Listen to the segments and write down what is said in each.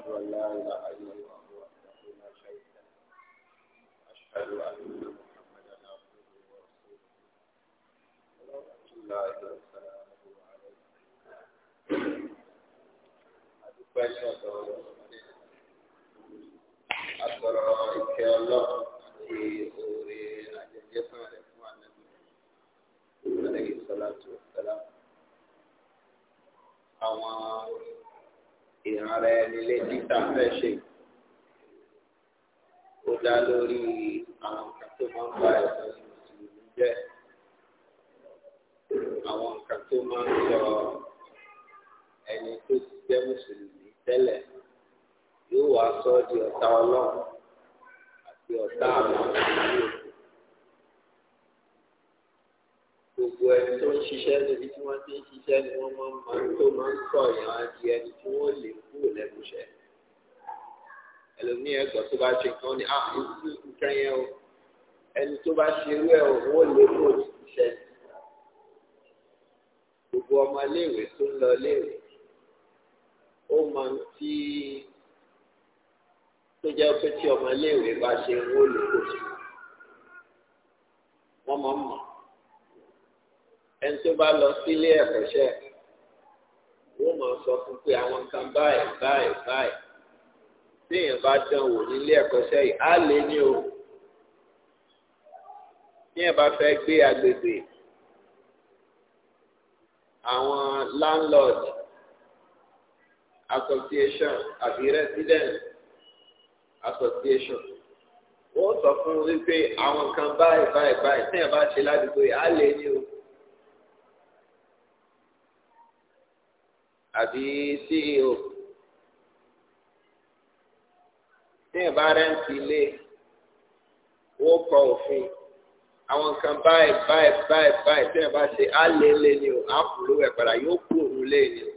أشهد أن لا إله إلا الله وحده لا شريك له وأشهد أن محمدا عبده ورسوله صلوات الله وسلامه عليه أدوبة شهادة أترى إن الله في أوري أجل عليه الصلاة والسلام àwọn ìrara ẹni létí tá a fẹ́ ṣe ó dá lórí àwọn nǹkan tó máa ń bá ẹ̀sọ́ mùsùlùmí jẹ́ àwọn nǹkan tó máa ń sọ ẹni tó ti jẹ́ mùsùlùmí tẹ́lẹ̀ yóò wá sọ di ọ̀tá ọlọ́run àti ọ̀tá àwọn mùsùlùmí. gbogbo ẹni tó ń ṣiṣẹ́ níbi tí wọ́n ti ń ṣiṣẹ́ ni wọ́n máa ń mọ tó máa ń sọ̀yàn àti ẹni tí wọ́n lè kúrò lẹ́nu iṣẹ́. ẹlòmíì ẹ̀gbọ́n tó bá ṣe nǹkan ni ah nǹkan yẹn o ẹni tó bá ṣe irú ẹ̀ wọ́n lè kúrò ní iṣẹ́. gbogbo ọmọ iléèwé tó ń lọ iléèwé ó máa ń tí tó jẹ́ pé tí ọmọ iléèwé bá ṣe wọ́n lè kúrò wọ́n máa ń mọ̀ ẹni tó bá lọ sílé ẹ̀kọ́ṣẹ́ wọ́n máa sọ fún pé àwọn kan báyìí báyìí báyìí téèyàn bá dán wò nílé ẹ̀kọ́ṣẹ́ yìí á lè ní o téèyàn bá fẹ́ gbé agbègbè àwọn landlord association àbí resident association wọ́n sọ fún wípé àwọn kan báyìí báyìí báyìí téèyàn bá ṣe ládùúgbò yìí á lè ní o. àbí ceo tí ìbá rẹ́ǹtì ilé wọ́n kọ òfin àwọn nǹkan báyìí báyìí báyìí báyìí tí ìbá ṣe á lé lé ni o á kú lówó ẹ̀ padà yóò kú òun lé ni o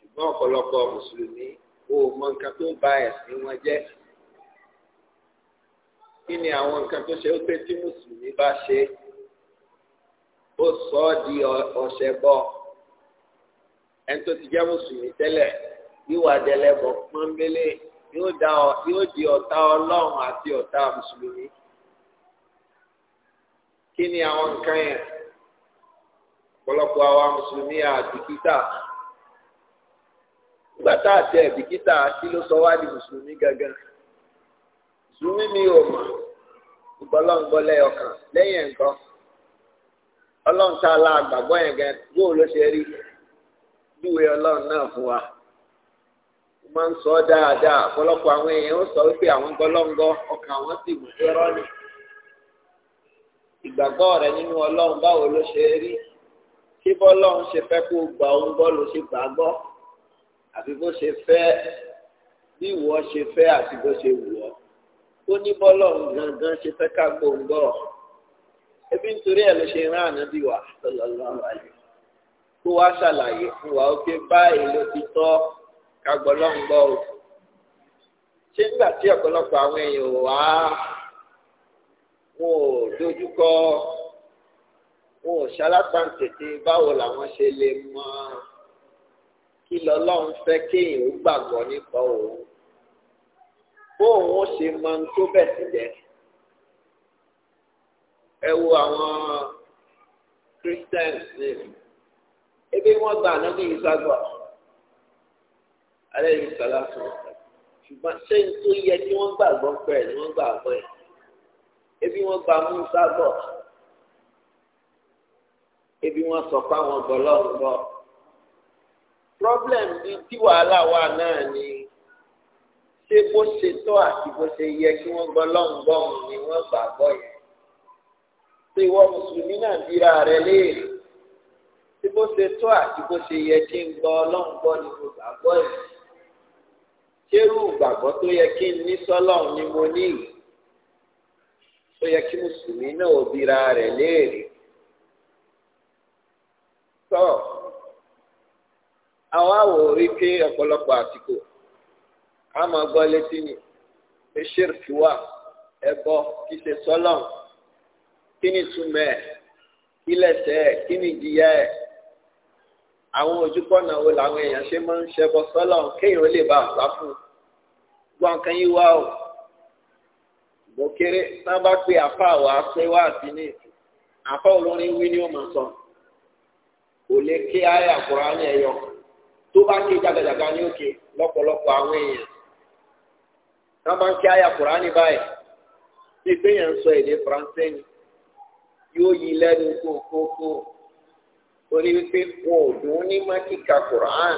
ṣùgbọ́n ọ̀pọ̀lọpọ̀ mùsùlùmí o mọ nǹkan tó bà ẹ̀sìn wọn jẹ́ kí ni àwọn nǹkan tó ṣe ó pé tí mùsùlùmí bá ṣe ó sọ ọ́ di ọ̀ṣẹ̀ bọ́ ẹni tó ti jẹ́ mùsùlùmí tẹ́lẹ̀ ìwà àdẹlẹ́bọ̀ pọ́nbélé yóò di ọ̀tá ọlọ́run àti ọ̀tá mùsùlùmí. kí ni àwọn nǹkan yẹn ọ̀pọ̀lọpọ̀ àwa mùsùlùmí a kí ló sọ wá di mùsùlùmí gangan mùsùlùmí mi ò mọ̀ ìgbọ́lọ́ngbọ́lẹ́ ọkàn lẹ́yìn nǹkan ọlọ́run tá a la àgbàgbọ́ yẹn júwe ọlọ́run náà fún wa ó máa ń sọ ọ́ dáadáa ọ̀pọ̀lọpọ̀ àwọn èèyàn ó sọ wípé àwọn gbọ́lọ́ngọ́ ọkàn àwọn sì wù irọ́ ni ìgbàgbọ́ rẹ nínú ọlọ́run báwo ló ṣe rí ṣé bọ́lọ́run ṣe fẹ́ kó gbà òun gbọ́ ló ṣe gbàgbọ́ àbí bó ṣe fẹ́ bí ìwọ ṣe fẹ́ àti bó ṣe wù ọ́ ó ní bọ́lọ́run gangan ṣe fẹ́ ká gbòǹgbọ́ ẹbí nítorí ẹ̀ ló ṣe rán ànábì wá sallallahu alaihi kó wá ṣàlàyé fún wa ó pé báyìí ló ti tọ́ kagbọ́lọ́ngbọ́ o ṣé nígbà tí ọ̀pọ̀lọpọ̀ àwọn èèyàn wá wọn ò dojúkọ wọn ò ṣalápàǹtẹ̀tẹ̀ báwo làwọn ṣe lè mọ kí lọ́lọ́run fẹ́ kéèyàn ó gbàgbọ́ nípa òun bóun ó ṣe mọ ohun tó bẹ̀ sílẹ̀ ẹ wo àwọn Christians nìyí ebi wọn gba anabi ìsagbà alẹ́ yìí sọlá fún ọ ṣùgbọ́n ṣé n tó yẹ kí wọ́n gbàgbọ́ pẹ̀ ni wọ́n gbàgbọ́ ẹ̀ ebi wọn gba musa bọ̀ ebi wọn sọ pé àwọn gbọ́lọ́run bọ̀ problem bíi tí wàhálà wà náà ni ṣé bó ṣe tọ́ àti bó ṣe yẹ kí wọ́n gbọ́lọ́run bọ̀ ni wọ́n gbàgbọ́ yẹn ṣé ìwọ mùsùlùmí náà bíra rẹ léèrè tí bó ṣe tó àti bó ṣe yẹ kí n gbọ́ ọlọ́run gbọ́ ni mo gbàgbọ́ yìí ṣérú ìgbàgbọ́ tó yẹ kí n ní sọ́lọ́run ni mo ní yìí tó yẹ kí mùsùlùmí náà ò bira rẹ̀ léèrè tọ́ àwa wò rí pé ọ̀pọ̀lọpọ̀ àsìkò a máa gbọ́ létí ni pé ṣèrìkì wà ẹbọ kì ṣe sọ́lọ́run kí ni túmọ̀ kí lẹ̀ṣẹ̀ kí ni ìjìyà ẹ̀ àwọn ojúkọ̀nà wo làwọn èèyàn ṣe máa ń ṣẹbọ sọ́lọ̀ kéèyàn lè bá àṣà fún un gbọ́n nǹkan yí wá o bó kéré tán bá pé àfa àwọ̀ àṣẹ wá àti ní ìsìn àfa olórin wí ni ó máa sọ kò lè ké ayé àkùrá ní ẹ̀yọ tó bá ké jagajaga ní òkè lọ́pọ̀lọpọ̀ àwọn èèyàn tán bá ké ayé àkùrá ní báyìí bí pé yẹn ń sọ èdè faransé ni yóò yí lẹ́nu kókókó. torí wípé wọn ò dùn ní má kíka quran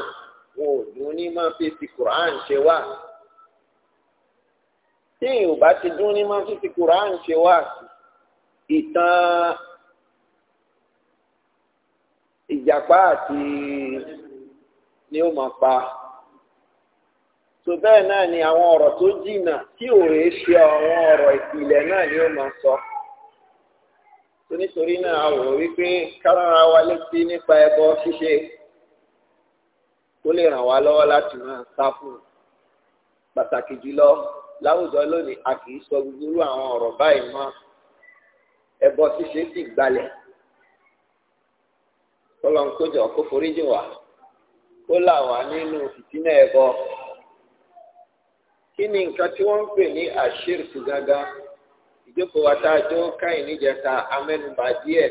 wọn ò dùn ní má quran ṣe wá tí ò bá ti dùn ní má fèsì quran ṣe wá ìtàn ìjàpá àti ni ó máa pa tó bẹ́ẹ̀ náà ni àwọn ọ̀rọ̀ tó jìnnà tí ò rèé ṣe àwọn ọ̀rọ̀ ìpìlẹ̀ náà ni ó máa sọ. So. nítorí náà a rò wípé kárànra wa létí nípa ẹbọ ṣíṣe kó lè ràn wá lọ́wọ́ láti máa sá fún un pàtàkì jùlọ láwùjọ lónìí a kì í sọ gbogbo àwọn ọ̀rọ̀ báyìí mọ́ ẹbọ ṣíṣe sì gbalẹ̀ kọlọ́n kójọ kó foríjì wá kó là wá nínú fìtínà ẹbọ kí ni nǹkan tí wọ́n ń pè ní àṣírí gangan jókòó wa tá a jó káyìn níjẹta amẹ́nubà díẹ̀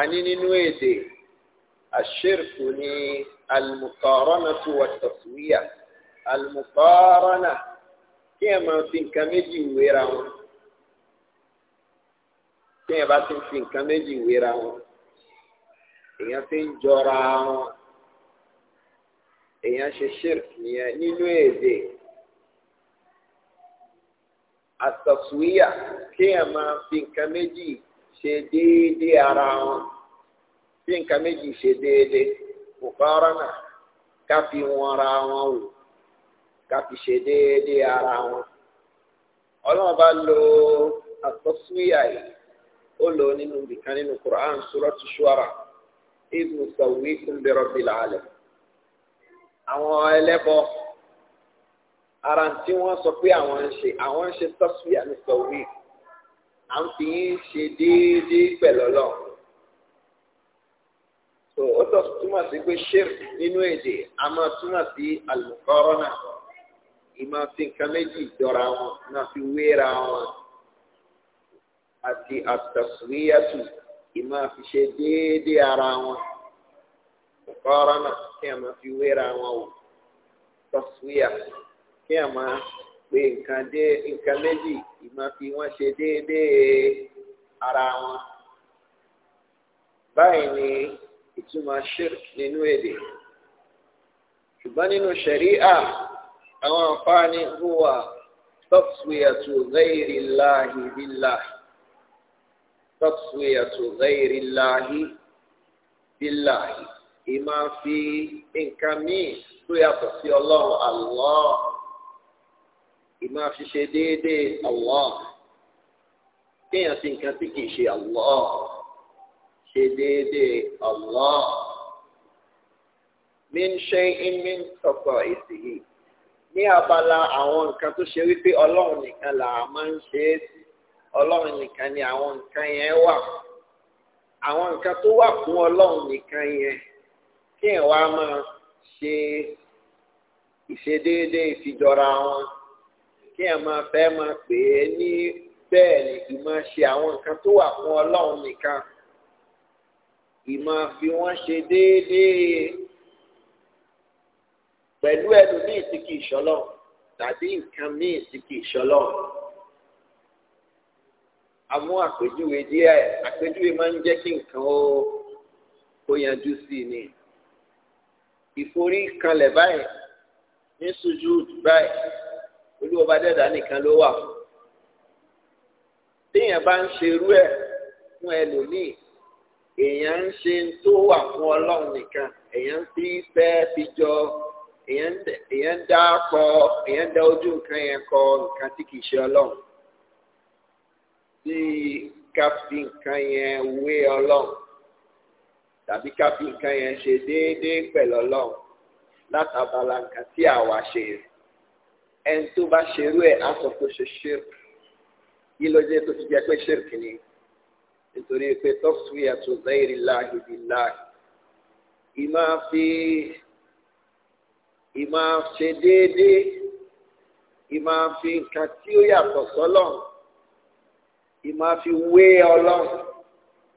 a ní nínú èdè àṣírkù ní alùmùkọ́rọ́nà tó wà tọ̀síwíyà alùmùkọ́rọ́nà kí ẹ máa fi nǹkan méjì wéra wọn kí ẹ bá ti fi nǹkan méjì wéra wọn èèyàn fi ń jọra wọn èèyàn ṣe ṣírkù nìyẹn nínú èdè àtọ̀sùwíyà kéèyàn máa fi nǹkan méjì ṣe déédéé ara wọn fi nǹkan méjì ṣe déédéé mùkọ́rọ́nà ká fi wọn ra wọn wò ká fi ṣe déédéé ara wọn ọlọ́run bá lo àtọ̀sùwíyà yìí ó lò nínú nìkan nínú Quran suratu Shuara ibnu sawwikum bi rabbil àwọn ẹlẹ́bọ̀ọ́ ara tí wọ́n sọ pé àwọn ń ṣe àwọn ń ṣe tọ́sí àmìsọ wí à ń fi yín ṣe déédéé pẹ̀lú so ó tọ́ túmọ̀ sí pé shirk nínú èdè a máa túmọ̀ sí al-muqarana ìmọ̀ fi nǹkan méjì jọra wọn náà fi wéra wọn àti àtàsíríyàtù ìmọ̀ fi ṣe déédéé ara wọn muqarana kí a máa fi wéra wọn o tọ́síríyàtù. kí a máa pe nǹkan dé nǹkan méjì ìmọ̀ fi wọ́n ṣe déédéé ara wọn. báyìí ni ìtumọ̀ shirk nínú èdè ṣùgbọ́n nínú ṣẹ̀ríà àwọn àǹfààní huwa taswiyatu ghayri llahi billahi taswiyatu ghayri llahi billahi ìmọ̀ fi nǹkan míì tó yàtọ̀ sí ọlọ́run Allah. ìmọ̀ àṣìṣe déédéé Allah kéèyàn sí nǹkan tí kìí ṣe Allah ṣe déédéé Allah min shay'in min khasa'isihi ní abala àwọn nǹkan tó ṣe wípé ọlọ́run nìkan là á máa ń ṣe é sí ọlọ́run nìkan ni àwọn nǹkan yẹn wà àwọn nǹkan tó wà fún ọlọ́run nìkan yẹn kéèyàn wá máa ṣe ìṣedéédéé ìfijọra wọn kí ẹ máa fẹ́ máa pè é ní bẹ́ẹ̀ ni ìmọ̀ ṣe àwọn nǹkan tó wà fún ọlọ́run nìkan ìmọ̀ fi wọ́n ṣe déédéé pẹ̀lú ẹlòmíì tí kì í ṣọlọ́ tàbí nǹkan míì tí kì í ṣọlọ́ a mú àpèjúwe díẹ̀ àpèjúwe máa ń jẹ́ kí nǹkan ó kó yanjú sí i ni ìforí kanlẹ̀ báyìí ní sùjúdù báyìí olú ọba dẹ́dà nìkan ló wà fún téèyàn bá ń ṣerú ẹ̀ fún ẹlòmíì èèyàn ń ṣe tó wà fún ọlọ́run nìkan èèyàn ti fẹ́ fi jọ èèyàn ń dá kọ èèyàn ń dá ojú nǹkan yẹn kọ nǹkan tí kìí ṣe ọlọ́run bíi ká nǹkan yẹn wé ọlọ́run tàbí ká nǹkan yẹn ṣe déédéé pẹ̀lú ọlọ́run látàbàlà nǹkan tí àwa ṣe rè ẹni tó bá ṣerú ẹ̀ á sọ pé ṣe ṣírk yìí ló jẹ́ tó fi jẹ́ pé ṣírk ni nítorí pé tọ́sùwì àtúnṣe ìrìláhi bíláhi ìmá fi ìmá ṣe déédéé ìmá fi nǹkan tí ó yàtọ̀ sọ́lọ̀ ìmá fi wé ọlọ́run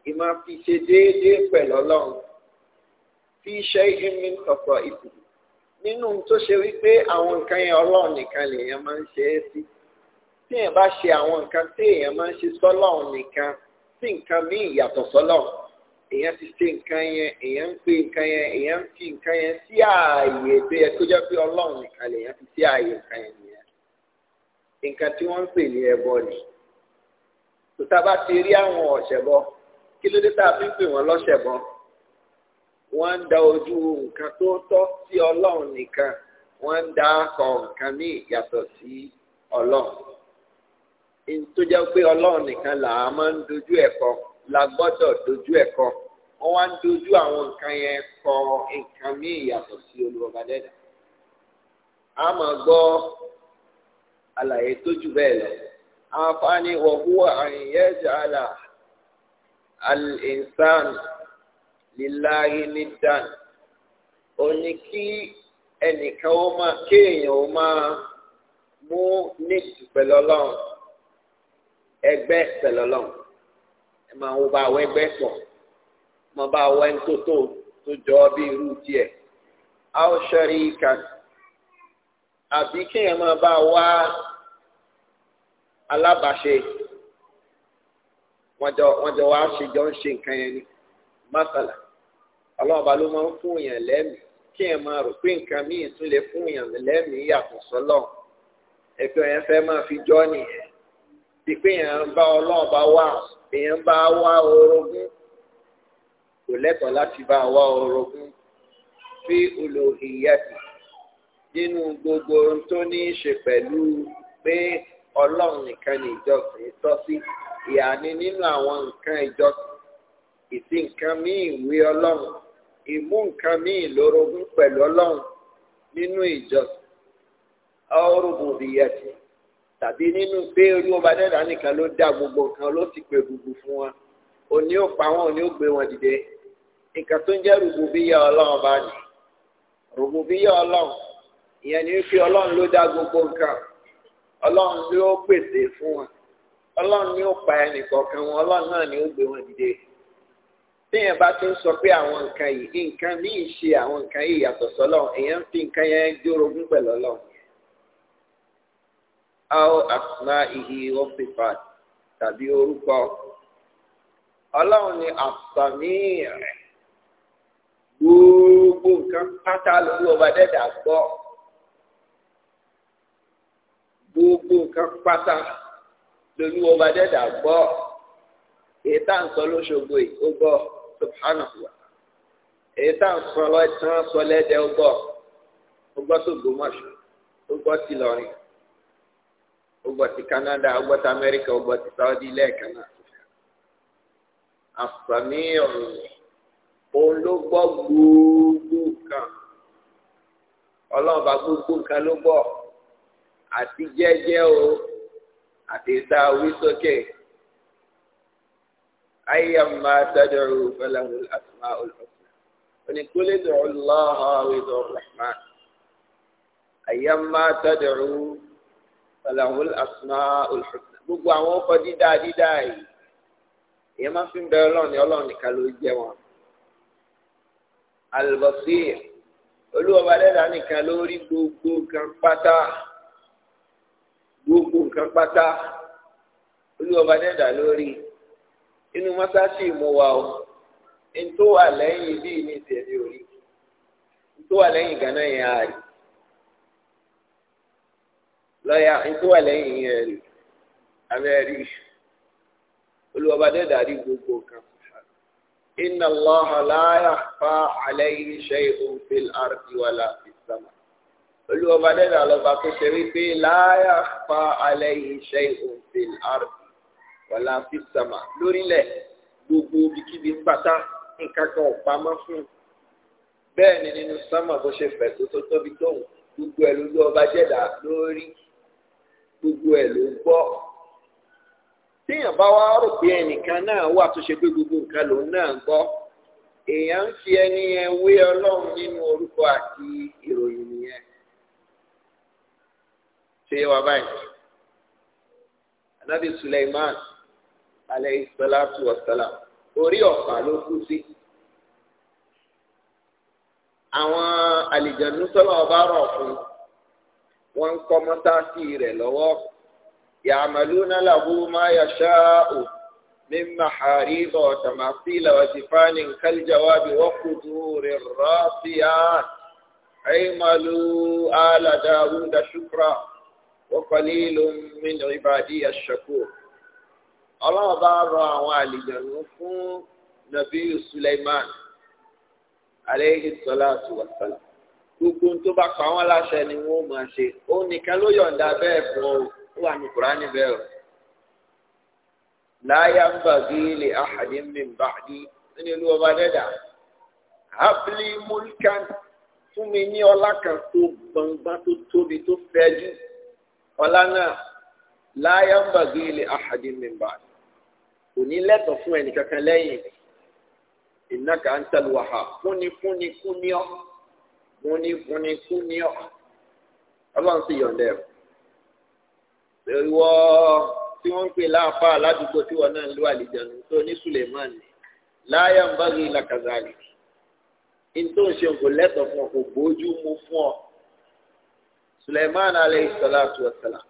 ìmá fi ṣe déédéé pẹ̀lú ọlọ́run fi ṣe ìhìn mi kọ̀kọ̀ nínú tó ṣe wípé àwọn nǹkan yẹn ọlọ́run nìkan lèèyàn máa ń ṣe é sí tí èèyàn bá ṣe àwọn nǹkan tí èèyàn máa ń ṣe sọ́lọ́run nìkan sí nǹkan míì yàtọ̀ sọ́lọ́run èèyàn ti ṣe nǹkan yẹn èèyàn ń pe nǹkan yẹn èèyàn ń fi nǹkan yẹn sí ààyè tó yẹ kó jẹ́ pé ọlọ́run nìkan lèèyàn fi sí ààyè nǹkan yẹn nìyẹn nǹkan tí wọ́n ń pè ní ẹbọ ni tó tá a bá ti rí àwọn ọ̀ṣẹ̀bọ kí ló dé tá a fi ń pè wọ́n lọ́ṣẹ̀bọ wọ́n ń da ojú nǹkan tó tọ́ sí ọlọ́run nìkan wọ́n ń da akọ nǹkan míì yàtọ̀ sí ọlọ́run tó jẹ́ pé ọlọ́run nìkan là á máa ń dojú ẹ̀ kọ la gbọ́dọ̀ dojú ẹ̀ kọ wọ́n wá ń dojú àwọn nǹkan yẹn kọ nǹkan míì yàtọ̀ sí olùwọ́ba a máa gbọ́ àlàyé tó jù bẹ́ẹ̀ lọ àǹfààní wọ̀húwà àyẹ̀yẹ́ jàlá al-insan líláyé ní dan ó ní kí ẹnìkan ó máa kéèyàn ó máa mú níjù pẹ̀lú ọlọ́run ẹgbẹ́ pẹ̀lú ọlọ́run ẹ máa wo bá àwọn ẹgbẹ́ pọ̀ mo bá wọ ẹni tó tó tó jọ ọ bí irú tiẹ̀ a ó ṣẹ́rí ìka àbí kéèyàn máa bá wá alábàáṣe wọ́n jọ wọ́n jọ wá ṣe ń ṣe nǹkan yẹn ni mọ́sálà ọlọ́ọ̀bá ló máa ń fún èèyàn lẹ́mìí kí èèyàn máa rò pé nǹkan míì tún lè fún èèyàn lẹ́mìí yàtọ̀ sọ́lọ̀ ẹ̀fẹ́ yẹn fẹ́ máa fi jọ́ nìyẹn bí pé èèyàn ń bá ọlọ́ọ̀bá wà èèyàn bá wá orogún kò lẹ́tọ̀ọ́ láti bá wá orogún fi olùhìyàtì nínú gbogbo ohun tó ní í ṣe pẹ̀lú pé ọlọ́run nìkan ní ìjọsìn tọ́ sí ìyá ni nínú àwọn nǹkan ìjọsìn ìsìn míì wí ọlọ́run ìmú nǹkan míì lórogún pẹ̀lú ọlọ́run nínú ìjọsìn ọrùbùdìyẹtì tàbí nínú pé irú ọba dẹ́dà nìkan ló dá gbogbo nǹkan ló sì pè gbogbo fún wọn òní ò pa wọn òní ò gbé wọn dìde nǹkan tó ń jẹ́ rùbùbíyà ọlọ́run bá ní rùbùbíyà ọlọ́run ìyẹn ni wípé ọlọ́run ló dá gbogbo nǹkan ọlọ́run ló pèsè fún wọn ọlọ́run ni ó pa ẹnì wọn ọlọ́run náà ni ó gbé wọn dìde. téèyàn bá tún sọ pé àwọn nǹkan yìí nǹkan míì ṣe àwọn nǹkan yìí yàtọ̀ sọ́lọ́ èèyàn ń fi nǹkan yẹn jórogún pẹ̀lú ọlọ́run. aw asma ihi ofifa tàbí orúkọ ọlọ́run ni àsàmì rẹ̀ gbogbo nǹkan pátá lórí ọba dẹ́dà gbọ́ gbogbo nǹkan pátá lórí ọba dẹ́dà gbọ́ èyí tá à ń sọ lóṣogbo yìí ó gbọ́ subhanahu wa èyí tá à ń sọ lọ tí wọ́n sọ lẹ́dẹ̀ ó gbọ́ ó gbọ́ tó gbòmọ̀ṣọ́ ó gbọ́ ti lọ́rin ó gbọ́ ti Canada ó gbọ́ ti Amẹ́ríkà ó ti Saudi lẹ́ẹ̀kan náà àfàmì ọ̀rùn gbogbo nǹkan ọlọ́run gbogbo nǹkan ló gbọ́ àti jẹ́jẹ́ o àti ìta orí sókè. Okay أيما تدعو فله الأسماء الحسنى ولكل ادعوا الله وادعوا الرحمن أيما تدعو فله الأسماء الحسنى gbogbo àwọn ọkọ dídá dídá yìí ìyẹn máa fi ń bẹ Ọlọ́run ní Ọlọ́run nìkan ló jẹ wọn Al-Basir olúwọba dẹdà nìkan ló rí gbogbo nǹkan pátá gbogbo nǹkan pátá olúwọba dẹdà ló rí inú mọ́sáàsì mo wà o ntó wà lẹ́yìn bí ní ìtẹ̀lé orí ntó wà lẹ́yìn gánà yẹn á rí lọ́yà ntó wà lẹ́yìn yẹn rí abẹ́rẹ́ rí olùwọ́ba dẹ́dà gbogbo kan. إن الله لا يخفى عليه شيء في الأرض ولا في السماء olùwọ́bàdẹ́dà lọ́ba tó ṣe wípé لا يخفى عليه شيء في الأرض wàlá fífàmà lórílẹ̀ gbogbo ibikíbi pátá nǹkan kan ò pamọ́ fún un ni nínú sámà bó ṣe fẹ̀ tó tó tóbi tóun gbogbo ẹ̀ ló lọ ọba jẹ́dà lórí gbogbo ẹ̀ ló gbọ́ téèyàn bá wá rò pé ẹnìkan náà wà tó ṣe pé gbogbo nǹkan lòun náà gbọ́ èèyàn ń fi ẹni yẹn wé ọlọ́run nínú orúkọ àti ìròyìn nìyẹn ṣé wàá báyìí anabi Suleiman alayhi salatu wassalam orí ọ̀pá ló kú sí. àwọn àlìjẹ̀nu sọ́lá ọba rọ̀ fún wọn ń kọ́ mọ́sáàsì rẹ̀ lọ́wọ́ ya'maluna lahu ma yasha'u min maharib wa tamathil wa jifanin kal jawabi wa qudurir rasiyat aymalu ala dawuda shukra wa qalilun min ibadiyash shakur ọlọ́run bá rọ àwọn àlìjànú fún nàbí Suleiman aleyhi salatu wa salam gbogbo tó bá pa wọn láṣẹ ni wọn ò máa ṣe òun nìkan ló yọ̀ǹda bẹ́ẹ̀ fún ọ ó wà ní Kùránì bẹ́ẹ̀ o láyà ń bàbí lè àhàdín min ba'di nínú ìlú ọba dẹ́dà habli mulkan fún mi ní ọlá kan tó gbọ̀ngbọ́n tó tóbi tó fẹ́jú ọlá náà láyà ń bàbí lè àhàdín min ba'di kò ní lẹ́tọ̀ fún ẹnì kankan lẹ́yìn ìnáka ń tẹ̀lé wàhà fúnni fúnni kú ní ọ́ fúnni fúnni kú ní ọ́ ọlọ́run sì yọ̀ǹda ẹ̀ ìwọ tí wọ́n ń pè láàpá aládùúgbò tí wọ́n náà ń lo àlìjẹ̀nu tó ní Suleiman ni láyà ń bá rí làkàzàlì ntó ń ṣe kò lẹ́tọ̀ fún ọ kò bójú mu fún ọ Suleiman alayhi salatu wa salam.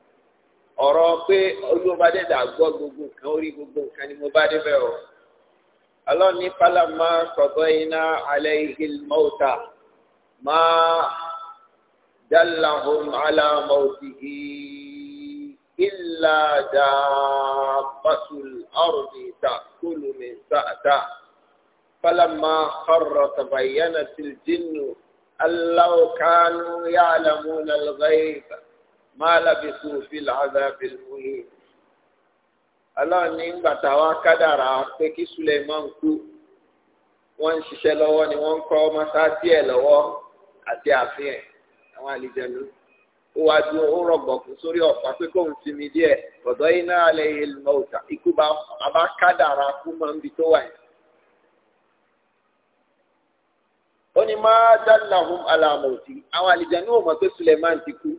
ọ̀rọ̀ pé ọdún ọba dà gbọ́ gbogbo nǹkan orí gbogbo nǹkan ni mo bá débẹ̀ o. ọlọ́ni pálámà kọ̀gọ́ iná alẹ́ ìgbìmọ̀ọ́ta máa dálàhùn alámọ̀ọ́tìhì ìlà dàbàtúl ọ̀rùnì tàkùlùmí pálá máa kọ̀rọ̀ tàbàyánà tìlìjìnnù aláwọ̀ kánú yàlámù nàlgáyébà. máa lábẹ́sù fil azabil muhin. aláwọ̀ ní gbàtà wa kádàrà pé kí Suleiman kú wọ́n ń ṣiṣẹ́ lọ́wọ́ ni wọ́n ń kọ́ mọ́sáàtì ẹ̀ lọ́wọ́ àti àfihàn àwọn àlìjẹnu ó wá ju ó rọ̀gbọ̀kú sórí ọ̀pá pé kóun sinmi díẹ̀ bọ̀dọ̀ iná alẹ́ ìlmọ̀ òtà ikú bá kádàrà kú máa tó wà yìí. ó ní má dálàhùn alàmọ̀tì àwọn àlìjẹnu ò mọ̀ pé Suleiman ti kú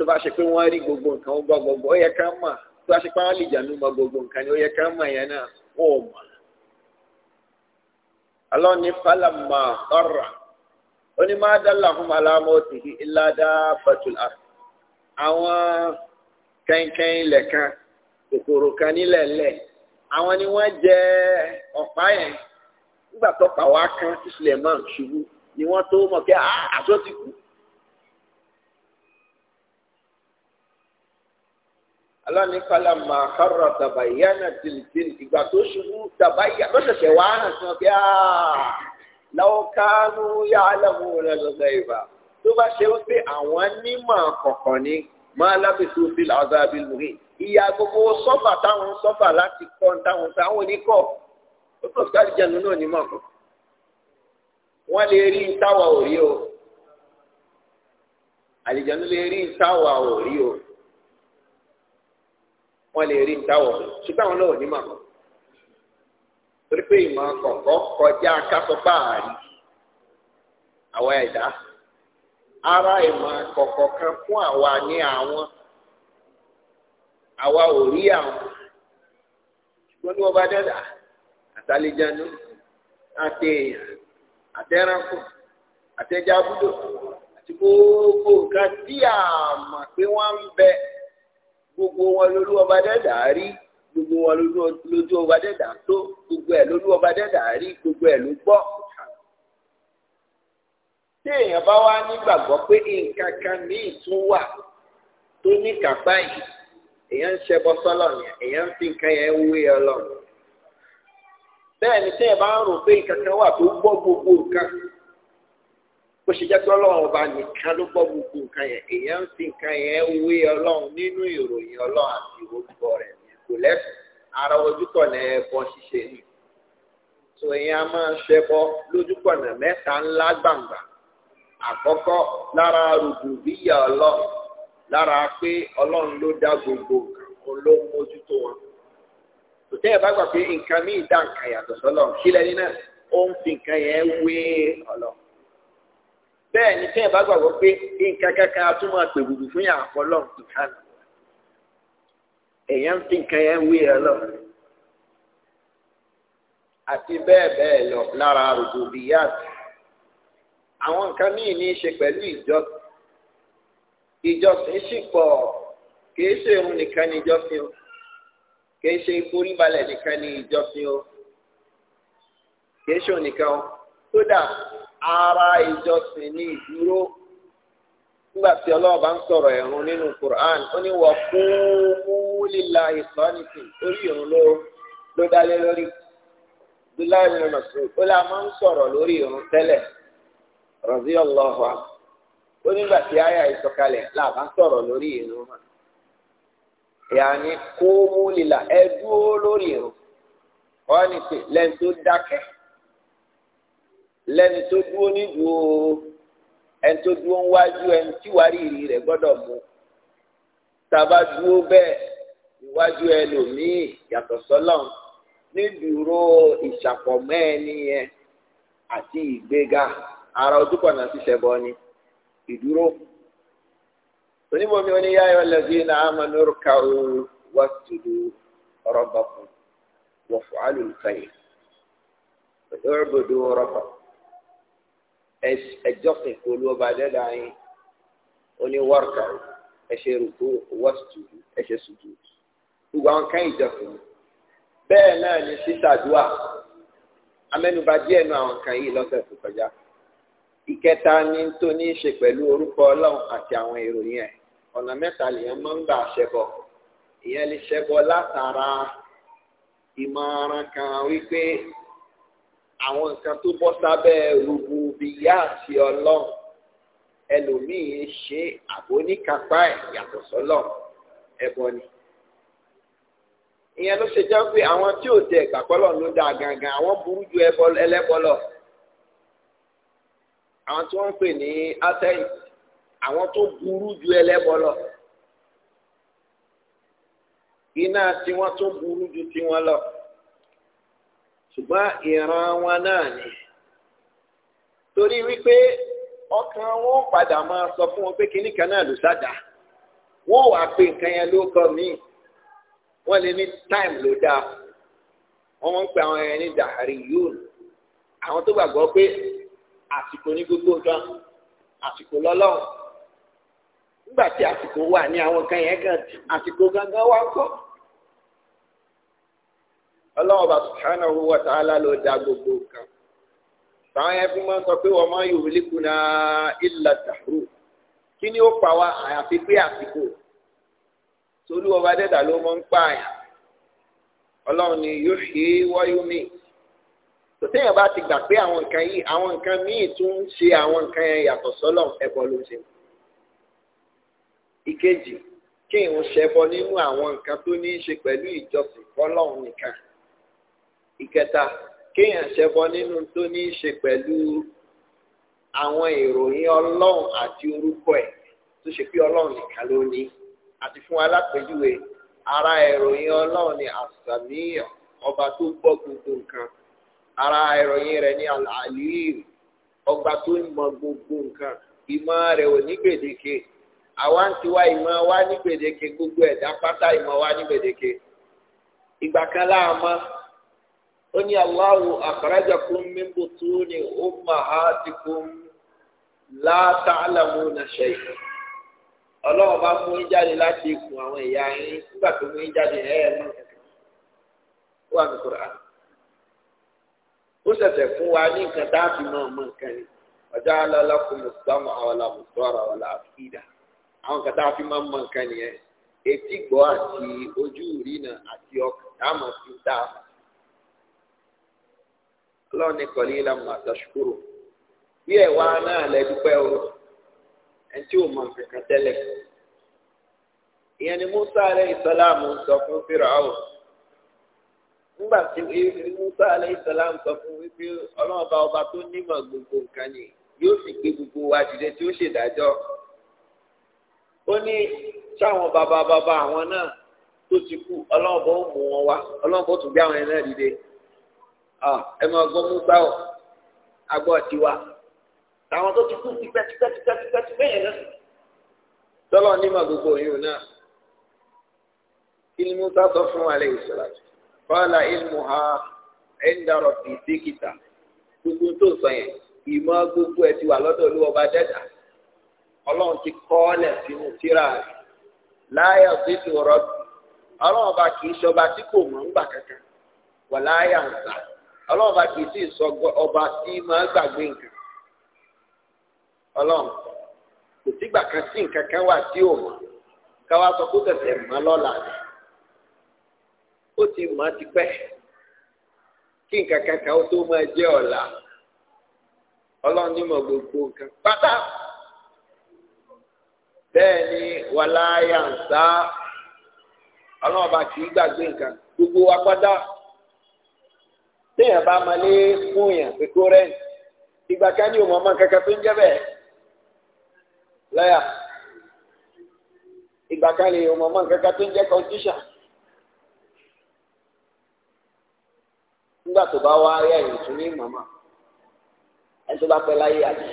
tó bá ṣe pé wọ́n rí gbogbo nǹkan ó gbọ́ gbogbo ó yẹ ká mà tó bá ṣe pé wọ́n lè jànú mọ gbogbo nǹkan ni ó yẹ ká mà yẹn náà ó mà. Allah ní falama ọ̀rà ó ní máa aláàmọ́ òsì kí ìlàdá bàtùlà àwọn kẹ́ńkẹ́ń ilẹ̀ kan kòkòrò kan nílẹ̀ lẹ̀ àwọn ni wọ́n jẹ ọ̀pá yẹn nígbà tó pàwọ́ akán Suleiman ṣubú ni wọ́n tó mọ̀ kí ah, àtúntò ti aláàní kálá máa kárọ̀ tàbáyá náà tìlìtìl ìgbà tó ṣubú tàbáyá lọ́sẹ̀sẹ̀ wàá hàn sí wọn pé láwọn kánú yá aláwọ̀ rẹ̀ lọ́sẹ̀ ìbá tó bá ṣe wípé àwọn nímọ̀ kọ̀ọ̀kan ni máa lábẹ́sọ̀ sí làwọn àbí lùhìn ìyá gbogbo sọ́fà táwọn sọ́fà láti kọ́ táwọn táwọn oníkọ́ ó tó sáré jẹun náà nímọ̀ kọ̀ọ̀kan wọ́n lè rí táwa ò rí o àlìjẹun lè rí táwa ò rí o wọ́n lè rí ìdáwọ̀ ṣùgbọ́n àwọn náà ò ní mọ̀ torí pé ìmọ̀ kọ̀ọ̀kọ́ kọjá kásọpá àárín àwọn ẹ̀dá ara ìmọ̀ kọ̀ọ̀kọ̀ kan fún àwa ní àwọn àwa ò rí àwọn ṣùgbọ́n ní wọ́n bá dẹ́dà àtàlẹ́jánu àti èèyàn àtẹ́ránkù àtẹ́jábúdò àti gbogbo nǹkan tí a pé wọ́n ń bẹ gbogbo wọn lórí ọba dẹ́dà rí gbogbo wọn lójú ọba dẹ́dà tó gbogbo ẹ̀ lórí ọba dẹ́dà rí gbogbo ẹ̀ ló gbọ́. tí èèyàn bá wá nígbàgbọ́ pé nǹkan kan míì tún wà tó ní kápá yìí èèyàn ń ṣẹbọ sọ́lọ̀ yẹn èèyàn ń fi nǹkan yẹn wé ọlọ́run. bẹ́ẹ̀ ni tí èèyàn bá ń rò pé nǹkan kan wà tó gbọ́ gbogbo nǹkan bó ṣe jẹ́ pé ọlọ́run ọba nìkan ló gbọ́ gbogbo nǹkan yẹn èèyàn ń fi nǹkan yẹn wé ọlọ́run nínú ìròyìn ọlọ́run àti orúkọ rẹ̀ kò lẹ́sùn ara ojúkọ̀nà ẹbọ ṣíṣe ni tó èèyàn a máa ṣẹbọ lójúkọ̀nà mẹ́ta ńlá gbàǹgbà àkọ́kọ́ lára rògbòdìyà ọlọ́run lára pé ọlọ́run ló dá gbogbo nǹkan òun ló ń mójútó wọn kò tẹ́ ẹ̀ bá gbà pé nǹkan míì dá nǹkan yàtọ̀ bẹ́ẹ̀ ni tẹ́yìn bá gbàgbọ́ pé nǹkan kankan a tún máa pè gbùgbù fún yàrá fọlọ́ subhana èèyàn ń fi nǹkan yẹn wí ẹ lọ àti bẹ́ẹ̀ bẹ́ẹ̀ lọ lára rògbòdìyàt àwọn nǹkan míì ní í ṣe pẹ̀lú ìjọsìn ìjọsìn sì pọ̀ kìí ṣe irun nìkan ní ìjọsìn o kìí ṣe ìforíbalẹ̀ nìkan ní ìjọsìn o kìí ṣe òun nìkan o dà. ara ìjọsìn ní ìdúró nígbà tí ọlọ́ọ̀bá ń sọ̀rọ̀ ẹ̀rùn nínú Qur'an ó ní wọ́n fún múlílà ìsọ́nìtì orí ìrùn ló ló dálé lórí abdullahi bin mas'ud ó lè máa ń sọ̀rọ̀ lórí ìrùn tẹ́lẹ̀ radiyallahu anhu ó nígbà tí àyà ìsọ̀kalẹ̀ làbá sọ̀rọ̀ lórí ìrùn mà yàní kó múlílà ẹ dúró lórí ìrùn wọ́n lẹ́yìn tó dákẹ́ lẹ́ni tó dúró nídùú ẹni tó dúró ń wájú ẹni tí wàá rí ìrì rẹ̀ gbọ́dọ̀ mú tàbá dúró bẹ́ẹ̀ níwájú ẹlòmíì yàtọ̀ sọ́lọ́n nídùúró ìṣàpọ̀mọ́ ẹni yẹn àti ìgbéga ara ojúkọ̀nà ṣiṣẹ́ bọ́ ni ìdúró. onímọ̀mí oníyáyọ̀ lẹ́bí náà amánúrú kàó wá tìlú rabbakum wọ̀fọ̀ alùpàyè. Ìdúró gbòdo ẹjọ́sìn kó ló bá dẹ́dà yín ó ní wọ́ọ̀kà ẹ̀ṣẹ̀ rúkú wọ́ọ̀tù ẹ̀ṣẹ̀ sùdù gbogbo àwọn kan ìjọsìn bẹ́ẹ̀ náà ni sísàdúà amẹ́nubà díẹ̀ nu àwọn kan yìí lọ́sẹ̀ tó kọjá ìkẹta ni tó ní í ṣe pẹ̀lú orúkọ ọlọ́run àti àwọn ìròyìn ẹ̀ ọ̀nà mẹ́ta lèèyàn máa ń gbà ṣẹbọ ìyẹn lè ṣẹbọ látara ìmọ̀ràn kan wípé àwọn nǹkan tó bọ́ sábẹ́ rúbùbíyà àti ọlọ́run ẹlòmíì ṣe àbóníkápá ẹ̀ yàtọ̀ sọ́lọ̀ ẹ̀bọ ni. ìyẹn ló ṣe jẹ́ pé àwọn tí ò tẹ ìgbàpọ́lọ̀ ló dáa gangan àwọn burú ju ẹlẹ́bọ lọ. àwọn tí wọ́n ń pè ní atẹ́yìn àwọn tó burú ju ẹlẹ́bọ lọ. iná tiwọn tó burú ju tiwọn lọ ṣùgbọ́n ìran wọn náà ni torí wípé ọkàn wọn padà máa sọ fún wọn pé kinní kan náà ló sáda wọn wàá pe nǹkan yẹn ló kọ míì wọn lè ní táìmù ló dáa wọn máa ń pe àwọn ẹni dàhárí yóò àwọn tó gbàgbọ́ pé àsìkò ní gbogbo nǹkan àsìkò lọ́lọ́run nígbà tí àsìkò wà ní àwọn nǹkan yẹn kan àsìkò gangan wá ń kọ́ ọlọ́run ọba subhanahu wa ta'ala ló dá gbogbo nǹkan báwọn yẹn fún máa ń sọ pé wọ́n máa ń yòó líkùnà illa dàrú kí ni ó pa wá àyàfi pé àsìkò tolú ọba dẹ́dà ló mọ́ ń pààyàn ọlọ́run ni yóò ṣe wáyú mi tò téèyàn bá ti gbà pé àwọn nǹkan yìí àwọn nǹkan míì tún ń ṣe àwọn nǹkan yẹn yàtọ̀ sọ́lọ̀ ẹ̀bọ ló ṣe ìkejì kí n ṣẹbọ nínú àwọn nǹkan tó ní í ṣe pẹ̀lú ìjọsìn fọlọ́run nìkan ìkẹta kéèyàn ṣẹbọ nínú tó ní í ṣe pẹ̀lú àwọn ìròyìn ọlọ́run àti orúkọ ẹ̀ tó ṣe pé ọlọ́run nìkan ló ní àti fún alápèjúwe ara ìròyìn ọlọ́run ni àsàmíyàn ọba tó gbọ́ gbogbo nǹkan ara ìròyìn rẹ̀ ni àlìyìn ọba tó mọ gbogbo nǹkan ìmọ̀ rẹ̀ ò ní gbèdéke àwa ń tiwa ìmọ̀ wa ní gbèdéke gbogbo ẹ̀dá pátá ìmọ̀ wa ní gbèdéke ìgbà kan láàmọ́ onye ní Allahu akhrajakum min butuni ummahatikum la ta'lamuna shay'a ọlọ́run bá mú yín jáde láti ikùn àwọn ìyá yín nígbà tó mú yín jáde ẹ̀ ẹ̀ mú ó wà ní Kùránì ó ṣẹ̀ṣẹ̀ fún wa ní nǹkan a mọ ni ọjà alálákùn mùsùlùmù àwọlà mùsùlùmù àwọlà àfìdá àwọn nǹkan tá a fi mọ nǹkan etí gbọ́ àti ọlọ́run ní kọ̀lí ìlànà àtàṣùkúrò bí ẹ̀ wá náà lẹ́dúpẹ́ o ẹni tí ò mọ̀ kankan tẹ́lẹ̀ ìyẹn ni musa alayhi salam sọ fún firawo nígbà tí musa alayhi salam sọ fún wípé ọlọ́run ọba ọba tó nímọ̀ gbogbo nǹkan ni yóò sì gbé gbogbo wa dìde tí ó ṣèdájọ́ ó ní sáwọn bàbá bàbá àwọn náà tó ti kú ọlọ́run bó mú wọn wá ọlọ́run bó tún gbé àwọn yẹn náà dìde. Ah, ẹ máa gbọ́ musa o agbọ́ tiwa táwọn tó ti kú tipẹ́tipẹ́tipẹ́tipẹ́ yẹn náà tọ́lọ̀ nímọ̀ gbogbo yìí náà kí ni musa sọ fún wa lẹ́yìn sọ̀rọ̀ fọ́ọ̀lá ilmu ha ẹ̀ ń fi sí kìtà gbogbo tó sọ yẹn ìmọ̀ gbogbo ẹ̀ ti wà lọ́dọ̀ olú ọba dẹ́dà ọlọ́run ti kọ́ ọ́ sínú tírà rẹ̀ láyà sí ti rọ́bì ọlọ́run ọba kì í ṣọba tí kò mọ̀ ń gbà kankan wà láyà ń sà ọlọ́run bá kì í sì sọ ọba tí máa gbàgbé nǹkan ọlọ́run kò sígbà kan sí nǹkan kan wà tí ò mọ̀ káwá sọ kó tẹ̀sẹ̀ mọ́ lọ́la ó ti mọ̀ ti kí nǹkan kan kan ó tó máa jẹ́ ọ̀la gbogbo nǹkan téèyàn bá máa lé fún yàn pé kó rẹ́ǹtì ìgbà kan ní òun ọmọ kankan tó ń jẹ́ bẹ́ẹ̀ lọ́yà ìgbà kan lè òun ọmọ kankan tó ń jẹ́ kọ́ńtíṣà nígbà tó bá wá ayé ẹ̀yìn tún ní màmá ẹni tó bá pẹ́ láyé àti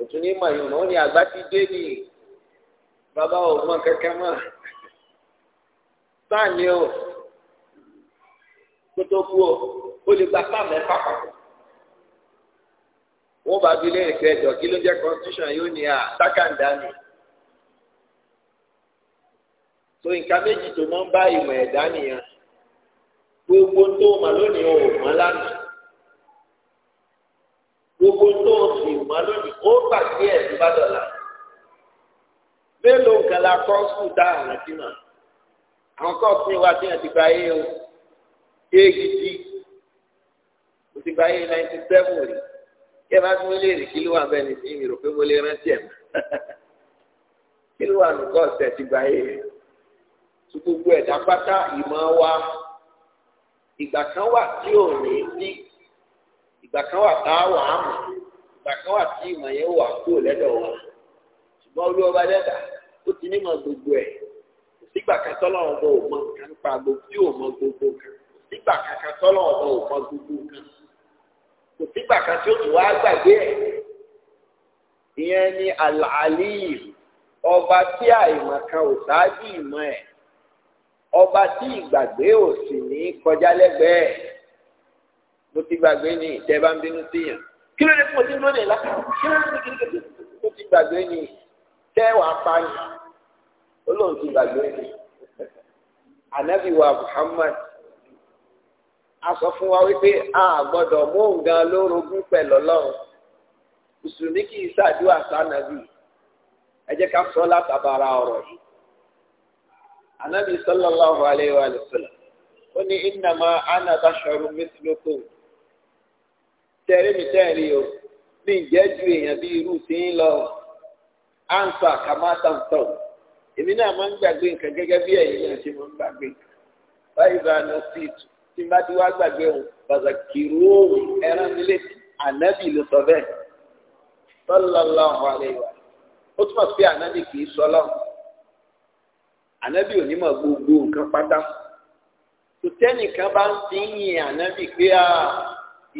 òtún ní màyìn náà ó ní àgbá ti dé ní bàbá ọmọ kankan mọ́ sáà ni ó kótó kú o ó lè gba sáà mẹ́fà papọ̀. wọ́n bá bi lẹ́yìn pé ẹ̀jọ̀ kí ló jẹ́ constitution yóò ní à sákàndá ni. so nǹkan méjì tó máa ń bá ìmọ̀ ẹ̀dá nìyẹn gbogbo tó mà lónìí ò mọ́ lánàá gbogbo tó sì mọ́ lónìí ó gbàgbé ẹ̀ tó bá dọ̀la mélòó nǹkan la kọ́ sùn tá àrántí àwọn kọ́ọ̀sì wa ti hàn ti gba ayé o kéèkì mo ti gba yé ninety seven rí kí ẹ bá tún lè rí kí ló wà bẹ́ẹ̀ ni sí mi rò pé mo lè rántí ẹ̀ mọ́ kí ló wà nùkọ́ ọ̀sẹ̀ ti gba yé rẹ̀ tó gbogbo ẹ̀dá pátá ìmọ̀ wa ìgbà kan wà tí ò ní sí ìgbà kan wà tá a wà á mọ̀ ìgbà kan wà tí ìmọ̀ yẹn wà kú lẹ́dọ̀ wa ṣùgbọ́n olúwọba dẹ́ta ó ti ní mọ̀ gbogbo ẹ̀ kò sígbà kan tọ́lọ́run bọ̀ ò mọ̀ nǹkan gbogbo tí ò mọ̀ gbogbo kan sígbà kankan tọ́lọ̀ ọ̀dọ̀ ò mọ gbogbo nǹkan kò sígbà kan tí ó tún wá gbàgbé ẹ̀ ìyẹn ni àlàálíì ọba tí àìmọ̀ kan ò ṣáájú ìmọ̀ ẹ̀ ọba tí ìgbàgbé ò sì ní kọjá lẹ́gbẹ̀ẹ́ mo ti gbàgbé ní ìtẹ́ ń bínú síyàn kí ló dé fún ọtí lónìí lápá kí ló dé kí ló dé mo gbàgbé ní tẹ́wàá pani olóhùn ti gbàgbé ní ànábìwá Muhammad a sọ fún wa wípé a gbọdọ mú nǹkan lórogún pẹ̀lú ọlọ́run mùsùlùmí kì í ṣàdúrà sànàbì ẹ jẹ́ ká sọ látàbàrà ọ̀rọ̀ yìí anabi sallallahu alayhi ó ní mi o ju èèyàn bí irú tí kama èmi náà máa ń gbàgbé nǹkan bí náà ṣe máa ń gbàgbé tí n bá ti wá gbàgbé òun pàtàkìrú òun ẹran nílé ànábì ló sọ bẹ́ẹ̀ sallallahu alaihi wa ó túmọ̀ sí pé ànábì kì í sọ lọ́wọ́ ànábì ò ní mọ̀ gbogbo nǹkan pátá tòtẹ́nìkan bá ń fi ń yin ànábì pé a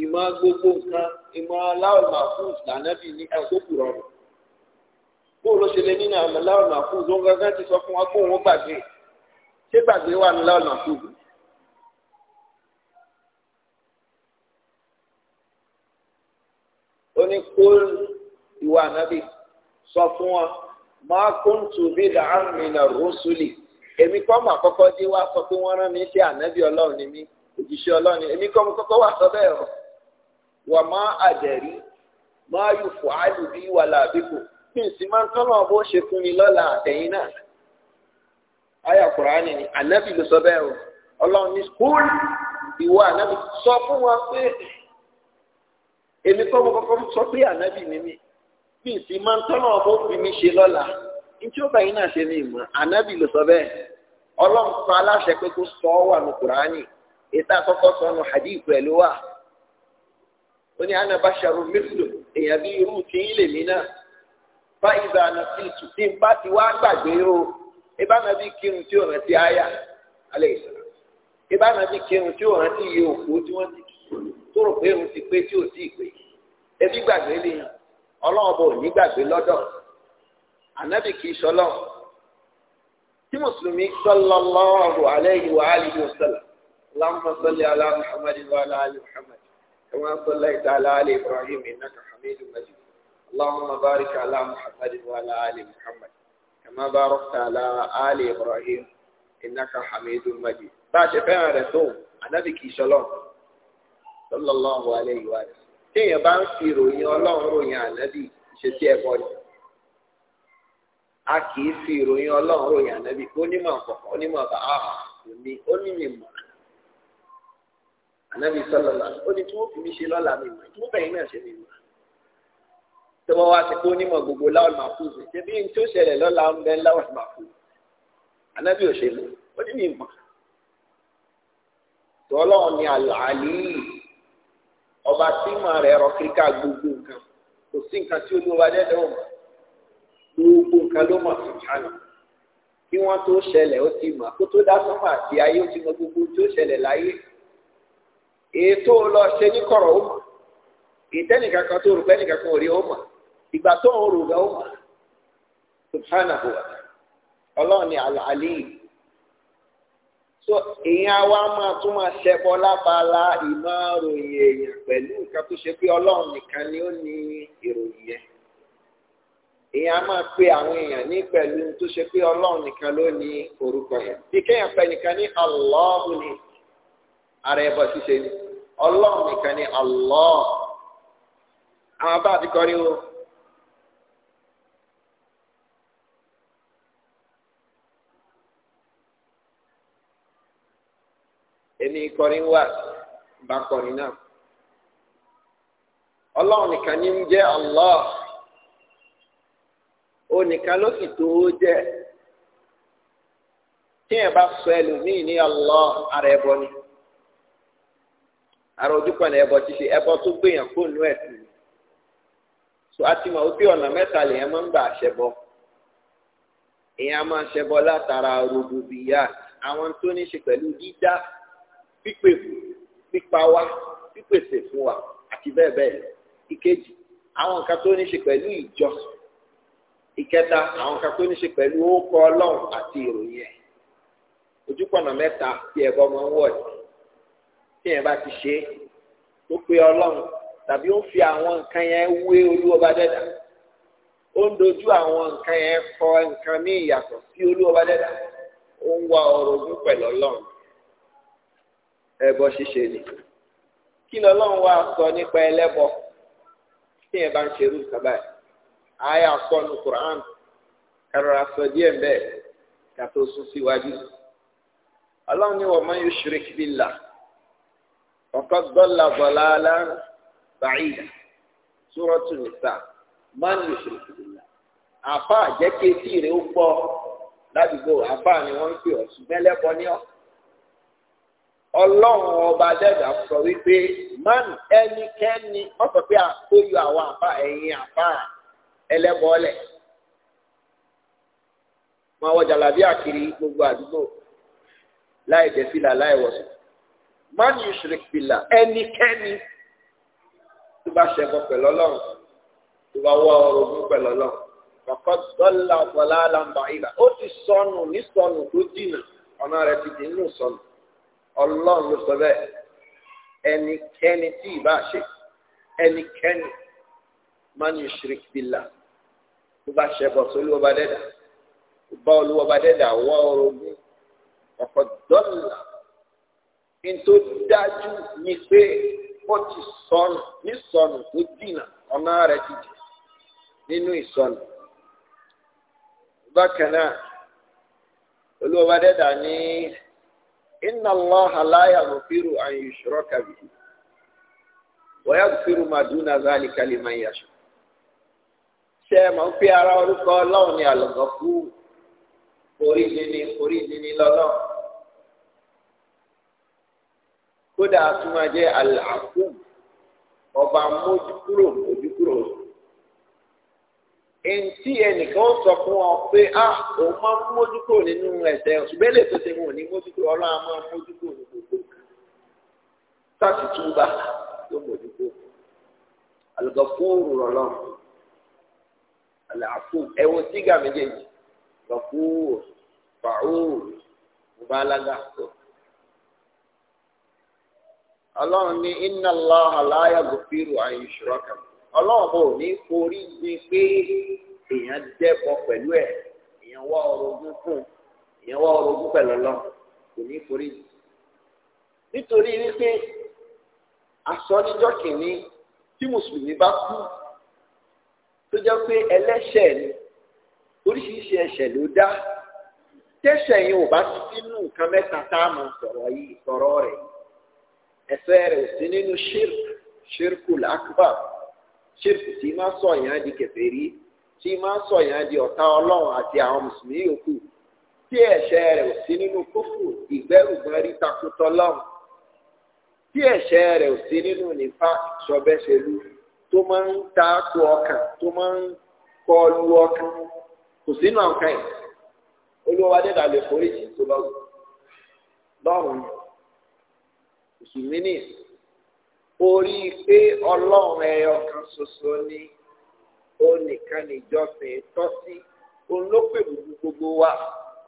ìmọ̀ gbogbo nǹkan ìmọ̀ aláwọ̀ màfúùs lànábì ní ẹ̀kọ́kù rọrùn bó ló ṣe lé nínú àwọn aláwọ̀ màfúùs ó ti sọ fún wa kó wọn gbàgbé ṣé gbàgbé wà ní aláwọ̀ màfúùs ó ní kóòlù ìwà ànábì sọ fún wọn máa kóńtù bí dàámi nà rọ́sùlì èmi kọ́ mà kọ́kọ́ dé wá sọ pé wọ́n rán mi sí ànábì ọlọ́run ni mí òjíṣẹ́ ọlọ́run ni èmi kọ́ mo kọ́kọ́ wà sọ bẹ́ẹ̀ o wà má àdẹ̀rí má yù fọ́ àlùbí wà làbíkù kí sì máa ń tọ́nà bó ṣe fún mi lọ́la àtẹ̀yìn náà àyà kùránì ni ànábì ló sọ bẹ́ẹ̀ o ọlọ́run ní kóòlù ìwà ànábì sọ fún wọn pé èmi kọ́ mo kọ́kọ́ sọ pé ànábì ni mí mi sì máa ń tọ́nà ọmọ mi ṣe lọ́la ntí ó bẹ̀yìn náà ṣe ní ìmọ̀ ànábì ló sọ bẹ́ẹ̀ ọlọ́run aláṣẹ pé kó sọ ọ́ wà ní sọ wa ó ní mẹ́fìlò èèyàn bí irú ti ń lè mí náà bá àná sí ìtùtí bá ti wá gbàgbé o náà bí kírun tí òun ti àyà alẹ́ ìsọ̀rọ̀ náà bí kírun tí tó rò pé òun ti pé tí ò tí ì pé ebi gbàgbé lè yàn ọlọ́run bò ní gbàgbé lọ́dọ̀ ànábì kì í sọlọ́ tí mùsùlùmí sallallahu alayhi wa alihi wa sallam Allahumma salli ala Muhammadin wa ala ali Muhammad kama sallaita ala ali Ibrahim innaka hamidun majid Allahumma barik ala Muhammadin wa ala ali Muhammad kama barakta ala Ibrahim innaka hamidun majid bá a ṣe fẹ́ràn rẹ̀ tó ànábì kì í sọlọ́ọ̀ sallallahu alayhi wa sallam téèyàn bá ń fi ìròyìn ọlọ́run ròyìn ànábì ìṣesí ẹ̀bọ ni a kì í fi ìròyìn ọlọ́run ròyìn ànábì onímọ̀ kọ̀ọ̀kan onímọ̀ bá a kò ní onímọ̀ ah, ànábì sallallahu ó ní tí wọ́n fi mí ṣe lọ́la mi mọ̀ tí wọ́n bẹ̀yìn náà ṣe mi mọ̀ tí wọ́n wá ti kó onímọ̀ gbogbo láwọn máa kú sí ṣe bí n tó ṣẹlẹ̀ lọ́la ń bẹ láwọn máa kú ànábì òṣèlú ó ní mi mọ̀ tọ́lọ́ ni àlàálí yìí ọba tí mà rẹ̀ rọ kíríkà gbogbo nǹkan kò sí nǹkan tí olúwa dẹ́dẹ́ ò mọ̀ gbogbo nǹkan ló mọ̀ sí kánò kí wọ́n tó ṣẹlẹ̀ ó ti mọ̀ kó tó dá sọ́mà àti ayé ó ti mọ̀ gbogbo tó ṣẹlẹ̀ láyé ètò lọ ṣe ní kọ̀rọ̀ ó mọ̀ ìtẹ́nìkan kan tó rò pé ẹnìkan kan ò rí ó mọ̀ ìgbà tó ń rò gan ó mọ̀ subhanahu wa ta'ala ọlọ́run ni àlàálẹ́ yìí. so èèyàn wa máa tún máa ṣẹbọ lábala ìmọ̀ ròyìn èèyàn pẹ̀lú nǹkan tó ṣe pé ọlọ́run nìkan ni ó ní ìròyìn yẹn èèyàn máa pe àwọn èèyàn ní pẹ̀lú tó ṣe pé ọlọ́run nìkan ló ní orúkọ yẹn bí kéèyàn ara ẹbọ ṣíṣe ni nìkan ní àwọn ní kọrin wà bá kọrin náà ọlọ́run nìkan ní ń Allah ló sì tó ó jẹ́ tí bá sọ ní Allah ara ẹbọ ni ara ẹbọ ti ṣe ẹbọ tó gbìyàn kó nú so a ti mọ̀ ọ̀nà mẹ́ta lèèyàn máa ń gbà máa ṣẹbọ látara rògbòbìyà àwọn tó ní pípè pípa wá pípèsè fún wa àti bẹ́ẹ̀ bẹ́ẹ̀ ìkejì àwọn nǹkan tó ní ṣe pẹ̀lú ìjọsìn ìkẹta àwọn nǹkan tó ní ṣe pẹ̀lú orúkọ ọlọ́run àti ìròyìn ẹ̀ ojúpọ̀nà mẹ́ta tí ẹ̀bọ ọmọ ń wọ̀ ẹ̀ tí ẹ̀ bá ti ṣe é tó pe ọlọ́run tàbí ó ń fi àwọn nǹkan yẹn wé olúwọba dẹ́dà ó ń dojú àwọn nǹkan yẹn kọ nǹkan ní ìyàtọ̀ sí olúwọba dẹ́dà ó ń wá ọ̀rọ̀ ogún pẹ̀lú ọlọ́run ẹbọ ṣíṣe ni kí lọ́lọ́run wá sọ nípa ẹlẹ́bọ tí yẹn bá ń ṣerú ìkàbá ẹ̀ àyà sọnù Quran kàrọ̀rà sọ díẹ̀ bẹ́ẹ̀ kàtó sún síwájú ọlọ́run ní wọ́n máa ń yushrik billah ọ̀kọ́ dọ́là bọ̀lá aláàrùn bàáyìí súrọ́tù nìta máa ń yushrik billah àfa àjẹkẹ́tì rẹ̀ ó gbọ́ ládùúgbò àfa ni wọ́n ń pè ọ́ ṣùgbọ́n ẹlẹ́bọ ni ọ́ ọlọ́run ọba dẹ́gbà sọ wípé man ẹnikẹ́ni wọ́n sọ pé àkóyọ àwọn àbá ẹ̀yìn àbá ẹlẹ́bọ̀ọ́lẹ̀ máa wọ jàlábí àkiri gbogbo àdúgbò láì dẹ́fìlà láì wọ̀sùn man yushrik billah ẹnikẹ́ni tó bá ṣẹ̀bọ̀ pẹ̀lú ọlọ́run tó bá wọ ọrọ̀ ogun pẹ̀lú ọlọ́run kọ̀kọ́ dọ́là ọ̀pọ̀lá làǹbà ìlà ó ti sọnù ní sọnù tó dìnà ọ̀nà rẹ̀ ti dì nínú sọnù ọlọ́run ló sọ bẹ́ẹ̀ ẹnikẹ́ni tí ì bá ṣe ẹnikẹ́ni man yushrik billah tó bá ṣe bọ̀ sórí ọba dẹ́dà tó bá olúwa ọba dẹ́dà wọ́ orogún ọ̀pọ̀ dọ́là kí n tó dájú ni pé ó ti sọnù ní sọnù tó dìnà ọ̀nà rẹ̀ ti jẹ nínú ìsọnù bákan náà olúwa dẹ́dà ní inna allaha la yaghfiru an yushraka bihi wa yaghfiru ma duna zalika liman yasha ṣe mọ̀ pé ara orúkọ ọlọ́run ni àlọ́gọ́fù oríṣiríṣi oríṣiríṣi lọ́lọ́ kódà àtúmọ̀ jẹ́ àlàkù ọba mójú kúrò mójú Èntì ẹnìkan ó sọ fún ọ pé a òun máa ń mójútó nínú ẹ̀sẹ̀ ṣùgbọ́n èlé tó ṣe wọn ò ní mójútó ọlọ́run á máa mójútó ní gbogbo. Sáàtì túbà ló mójútó. Àlùkò fóònù rọ̀lọ́. Àlàáfò ẹ̀wọ̀n sígà méjèèjì. Rọ̀fóòrù, fàóòrù, mubalaga tó. Ọlọ́run ní inna Allah la yaghfiru an yushraka ọlọ́run bò ní forí gbé pé èèyàn dẹ́kọ̀ pẹ̀lú ẹ̀ èèyàn wá orogún fún èèyàn wá orogún pẹ̀lú ọlọ́run kò ní forí nítorí wípé asọ́níjọ́ kìíní tí mùsùlùmí bá kú tó jẹ́ pé ẹlẹ́ṣẹ̀ ni oríṣiríṣi ẹ̀ṣẹ̀ ló dá tẹ́ṣẹ̀ yìí ò bá ti sínú nǹkan mẹ́ta tá a máa sọ̀rọ̀ yìí sọ̀rọ̀ rẹ̀ ẹ̀ṣẹ̀ rẹ̀ ò sí nínú ṣírkù ṣírkù làákùbà ṣírkù tí máa sọ èèyàn di kèfèrí tí máa sọ èèyàn di ọ̀tá ọlọ́run àti àwọn mùsùlùmí yòókù tí ẹ̀ṣẹ̀ rẹ̀ ò sí nínú kófù ìgbẹ́rùgbẹ́rí takùtọ̀ lọ́run tí ẹ̀ṣẹ̀ rẹ̀ ò sí nínú nípa ìṣọ̀bẹ́ṣẹlú tó máa ń taako ọkàn tó máa ń kọlu ọkàn kò sínú àwọn yìí olúwa dẹ́dà lè foríjì tó bá wù lọ́rùn mùsùlùmí nìyẹn orí pé ọlọ́run ẹyọ kan ṣoṣo ni ó nìkan níjọsìn tọ́ sí òun ló pè gbogbo gbogbo wa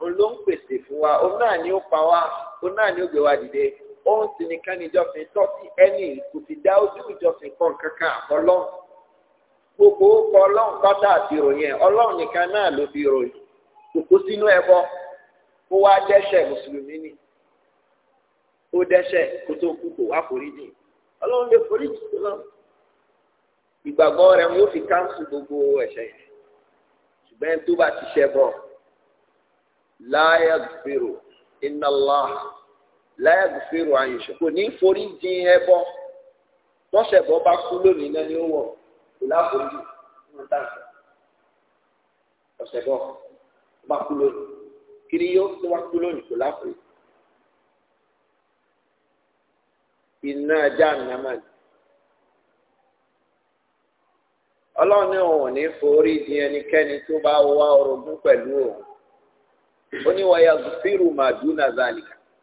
òun ló ń pèsè fún wa òun náà ni ó pa wá òun náà ni ó gbé wa dìde òun sì nìkan níjọsìn tọ́ sí ẹni kò sì dá ojú ìjọsìn kan kankan àfọlọ́run gbogbo kọ ọlọ́run pátá àti ìròyìn ẹ̀ ọlọ́run nìkan náà ló fi ròyìn kòkó sínú ẹbọ kó wá dẹ́ṣẹ̀ mùsùlùmí ni ó dẹ́ṣẹ̀ kó tó kú kó wá foríjì ọlọ́run lè forí jù lọ ìgbàgbọ́ rẹ̀ wọ́n fi káńsù gbogbo ẹ̀ṣẹ̀ yẹn ṣùgbọ́n tó bá ti ṣẹ́ bọ̀ láyà gbèrò iná lọ láyà gbèrò àyùṣe kò ní forí jìn ẹbọ tọ́ṣẹ̀ bọ́ bá kú lónìí náà ni ó wọ̀ kò láforí wọn dáṣẹ ọ̀ṣẹ̀ bọ́ bá kú lónìí kiri yóò tó wá kú lónìí kò láforí. iná jahannama ọlọ́run ní òun ní forí di ẹnikẹ́ni tó bá wá orogún pẹ̀lú òun ó ní wáyà